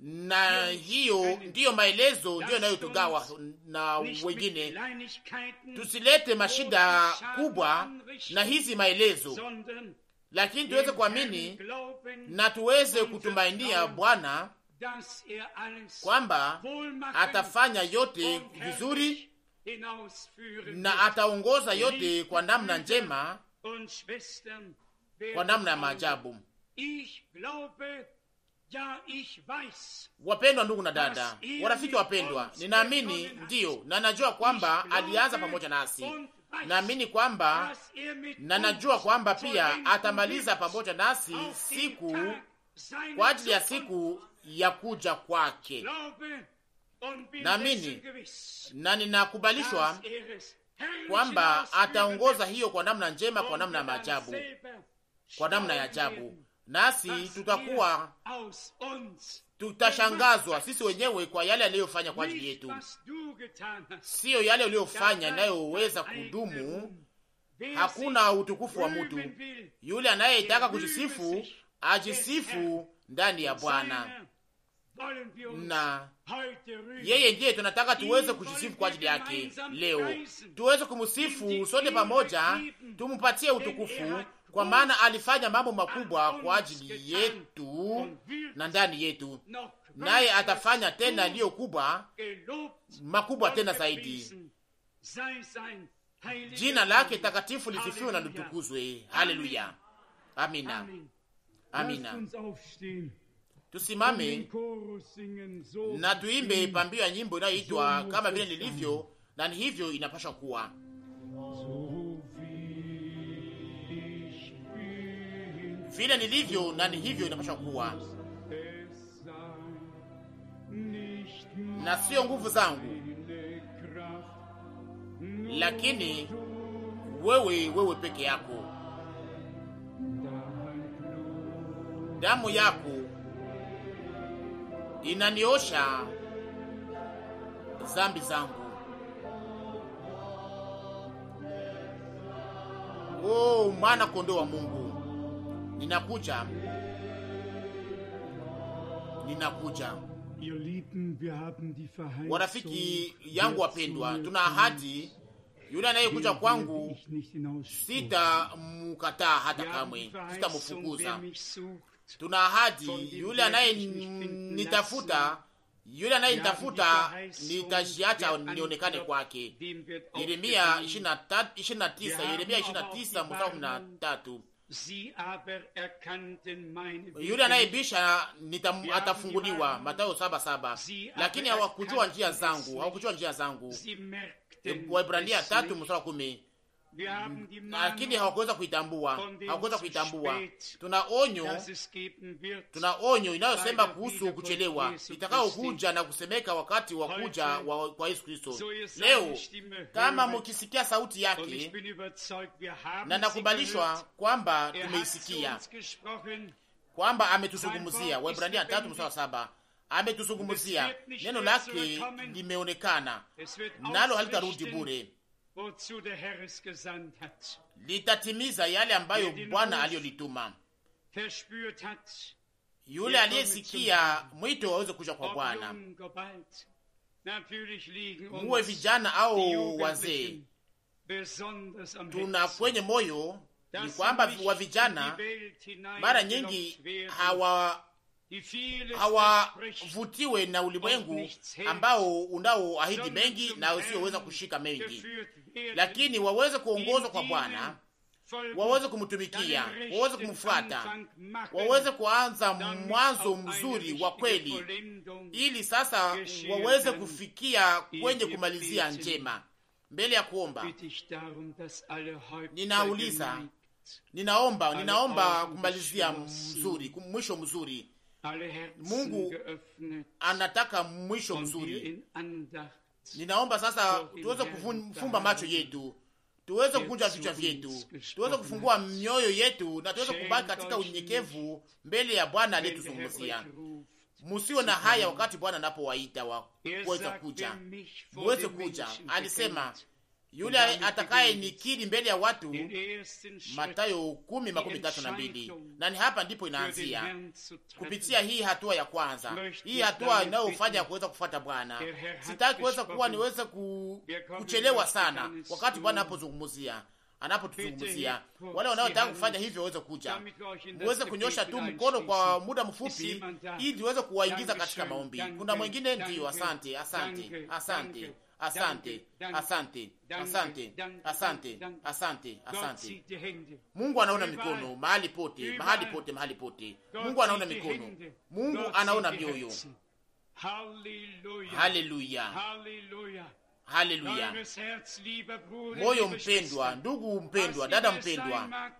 na hiyo ndiyo maelezo ndiyo inayotugawa na wengine. Tusilete mashida kubwa na hizi maelezo, lakini tuweze kuamini na tuweze kutumainia Bwana kwamba atafanya yote vizuri na ataongoza yote kwa namna njema kwa namna ya maajabu. Wapendwa ndugu na dada, warafiki wapendwa, ninaamini ndiyo, na najua kwamba alianza pamoja nasi, naamini kwamba na najua kwamba pia atamaliza pamoja nasi siku kwa ajili ya siku ya kuja kwake. Naamini na ninakubalishwa kwamba ataongoza hiyo kwa namna njema, kwa namna ya maajabu kwa namna ya ajabu, nasi tutakuwa tutashangazwa sisi wenyewe kwa yale aliyofanya kwa ajili yetu, siyo yale uliyofanya inayoweza kudumu. Hakuna utukufu wa mtu. Yule anayetaka kujisifu ajisifu ndani ya Bwana, na yeye ndiye tunataka tuweze kujisifu kwa ajili yake leo, tuweze kumsifu sote pamoja, tumpatie utukufu kwa maana alifanya mambo makubwa kwa ajili yetu na ndani yetu, naye atafanya tena yaliyo kubwa makubwa tena zaidi. Jina lake takatifu lisifiwe na litukuzwe. Haleluya, amina, amina. Tusimame na tuimbe pambio ya nyimbo inayoitwa kama vile lilivyo, na ni hivyo inapasha kuwa. vile nilivyo na ni hivyo inapaswa kuwa, na sio nguvu zangu, lakini wewe, wewe peke yako, damu yako inaniosha zambi zangu. Oh, mwana kondoo wa Mungu Ninakuja, ninakuja. Warafiki yangu wapendwa, tuna ahadi. Yule anayekuja kwangu sitamukataa hata kamwe, sitamfukuza. Tuna ahadi, yule anaye nitafuta yule anaye nitafuta nitajiacha nionekane kwake. Yeremia 29, Yeremia 29 mstari wa 13. Yule anayebisha atafunguliwa, Mathayo saba saba. Lakini hawakujua njia zangu, hawakujua njia zangu. Waebrania tatu mstari wa kumi. Mm. lakini hawakuweza kuitambua, hawakuweza kuitambua. Tuna onyo, tuna onyo inayosema kuhusu kuchelewa itakaokuja na kusemeka wakati wa kuja kwa Yesu Kristo. Leo kama mukisikia sauti yake, na nakubalishwa kwamba tumeisikia kwamba ametuzungumzia. Waebrania tatu mstari saba ametuzungumzia, neno lake limeonekana nalo halitarudi bure litatimiza yale ambayo Bwana aliyolituma. Yule aliyesikia mwito waweze kuja kwa Bwana. Um Muwe vijana au wazee, tuna kwenye moyo ni kwamba wa vijana mara nyingi hawa hawavutiwe na ulimwengu ambao unao ahidi mengi na usioweza kushika mengi, lakini waweze kuongozwa kwa Bwana, waweze kumtumikia, waweze kumfuata, waweze kuanza mwanzo mzuri wa kweli, ili sasa waweze kufikia kwenye kumalizia njema. Mbele ya kuomba, ninauliza, ninaomba, ninaomba kumalizia mzuri, mwisho mzuri Mungu anataka mwisho mzuri. Ninaomba sasa tuweze kufumba macho yetu, tuweze kukunja vichwa vyetu, tuweze kufungua mioyo yetu, na tuweze kubaki katika unyenyekevu mbele ya Bwana aliyetuzungumzia. Musiwe na haya wakati Bwana anapowaita wa er kuja, muweze kuja. Alisema yule atakaye nikiri mbele ya watu, Matayo kumi makumi tatu na mbili. Na ni hapa ndipo inaanzia kupitia hii hatua ya kwanza, hii hatua inayofanya ya kuweza kufuata Bwana. Sitaki kuweza kuwa niweze ku, kuchelewa sana wakati Bwana anapozungumzia anapotuzungumzia wale wanaotaka kufanya hivyo waweze kuja, muweze kunyosha tu mkono kwa muda mfupi, ili tuweze kuwaingiza katika maombi. Kuna mwingine? Ndiyo, asante, asante, asante. Asante, asante, asante, asante, asante, asante. Mungu anaona mikono mahali pote, mahali pote, mahali pote. Mungu anaona mikono, Mungu anaona mioyo. Haleluya, haleluya. Moyo mpendwa, ndugu mpendwa, dada mpendwa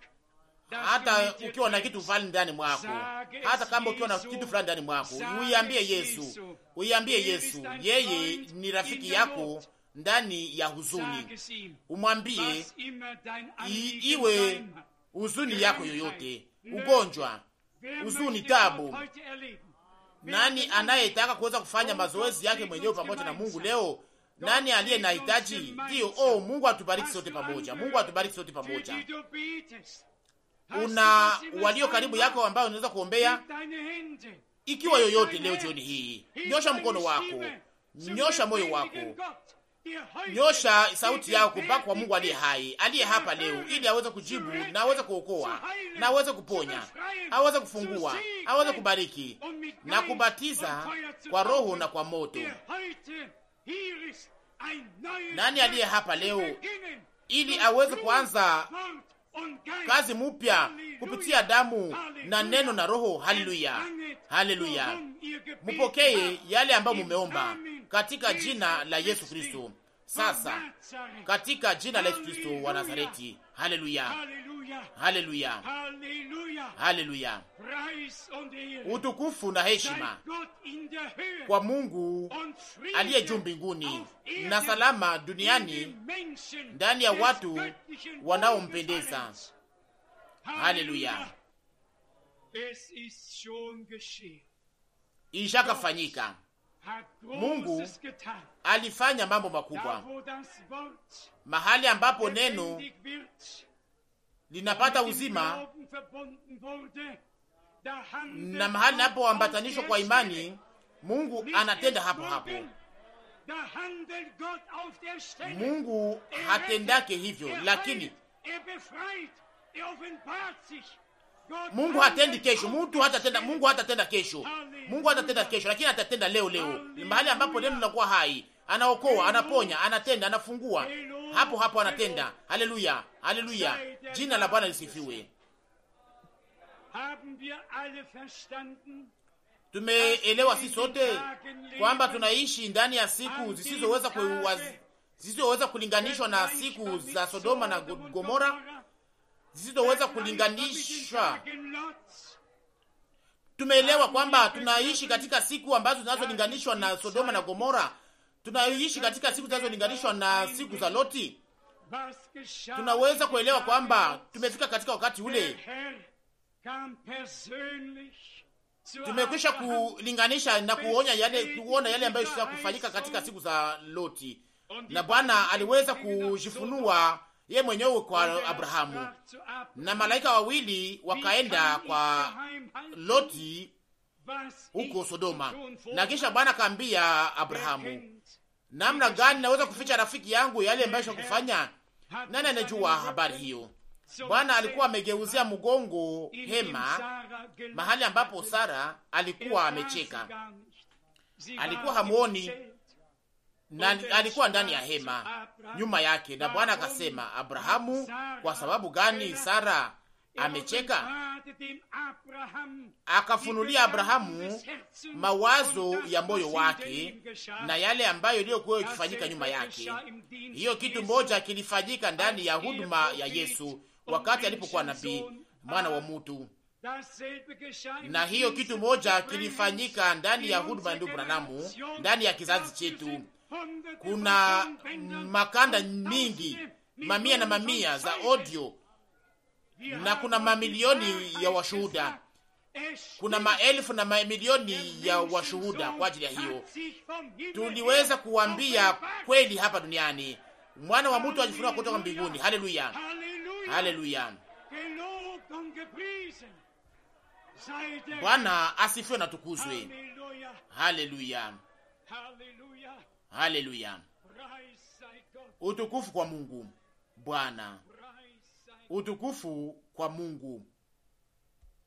hata ukiwa na kitu fulani ndani mwako, hata kama ukiwa na kitu fulani ndani mwako, uiambie Yesu, uiambie Yesu, yeye ni rafiki yako ndani ya huzuni. Umwambie iwe huzuni yako yoyote, ugonjwa, huzuni, tabu. Nani anayetaka kuweza kufanya mazoezi yake mwenyewe pamoja na Mungu leo? Nani aliye na hitaji hiyo? Oh, Mungu atubariki sote pamoja, Mungu atubariki sote pamoja una walio karibu yako ambao unaweza kuombea. Ikiwa yoyote leo jioni hii, nyosha mkono wako, nyosha moyo wako, nyosha sauti yako mpaka kwa Mungu aliye hai, aliye hapa leo, ili aweze kujibu na aweze kuokoa na aweze kuponya, aweze kufungua, aweze kubariki na kubatiza kwa Roho na kwa moto. Nani aliye hapa leo ili aweze kuanza kazi mupya kupitia damu na neno na Roho. Haleluya, haleluya! Mupokee yale ambayo mumeomba katika jina la Yesu Kristo. Sasa katika jina la Yesu Kristo wa Nazareti. Haleluya! Haleluya, haleluya! Utukufu na heshima kwa Mungu aliye juu mbinguni na salama duniani ndani ya watu wanaompendeza. Haleluya, ishakafanyika. Mungu alifanya mambo makubwa mahali ambapo neno linapata uzima na mahali napoambatanishwa kwa imani, Mungu anatenda hapo hapo. Mungu hatendake hivyo, lakini Mungu hatendi kesho, mtu hatatenda, Mungu hatatenda kesho, Mungu hatatenda kesho, lakini atatenda leo leo, mahali ambapo neno linakuwa hai, anaokoa, anaponya, anatenda, anafungua hapo hapo anatenda. Haleluya, haleluya, jina la Bwana lisifiwe. Tumeelewa sisi sote kwamba tunaishi ndani ya siku zisizoweza zisizoweza kulinganishwa na siku za Sodoma na Gomora, zisizoweza kulinganishwa. Tumeelewa kwamba tunaishi katika siku ambazo zinazolinganishwa na Sodoma na Gomora, tunaishi katika siku zinazolinganishwa na siku za Loti, tunaweza kuelewa kwamba tumefika katika wakati ule, tumekwisha kulinganisha na kuonya yale, kuona yale ambayo ia kufanyika katika siku za Loti, na Bwana aliweza kujifunua ye mwenyewe kwa Abrahamu na malaika wawili wakaenda kwa Loti huko Sodoma. Na kisha Bwana akaambia Abrahamu, namna gani naweza kuficha rafiki yangu yale ambayo shakufanya? Nani anajua habari hiyo? Bwana alikuwa amegeuzia mgongo hema mahali ambapo Sara alikuwa amecheka, alikuwa hamuoni na alikuwa ndani ya hema nyuma yake, na Bwana akasema, Abrahamu, kwa sababu gani Sara amecheka? akafunulia Abrahamu mawazo ya moyo wake na yale ambayo iliyokuwa ikifanyika nyuma yake. Hiyo kitu moja kilifanyika ndani ya huduma ya Yesu wakati alipokuwa nabii mwana wa mutu, na hiyo kitu moja kilifanyika ndani ya huduma ya ndugu Branamu ndani ya kizazi chetu. Kuna makanda mingi, mamia na mamia za audio na kuna mamilioni ya washuhuda, kuna maelfu na mamilioni ya washuhuda. Kwa ajili ya hiyo tuliweza kuwambia kweli hapa duniani, mwana wa mtu alifunua kutoka mbinguni. Haleluya, haleluya! Bwana asifiwe na tukuzwe. Haleluya, haleluya! Utukufu kwa Mungu Bwana utukufu kwa Mungu.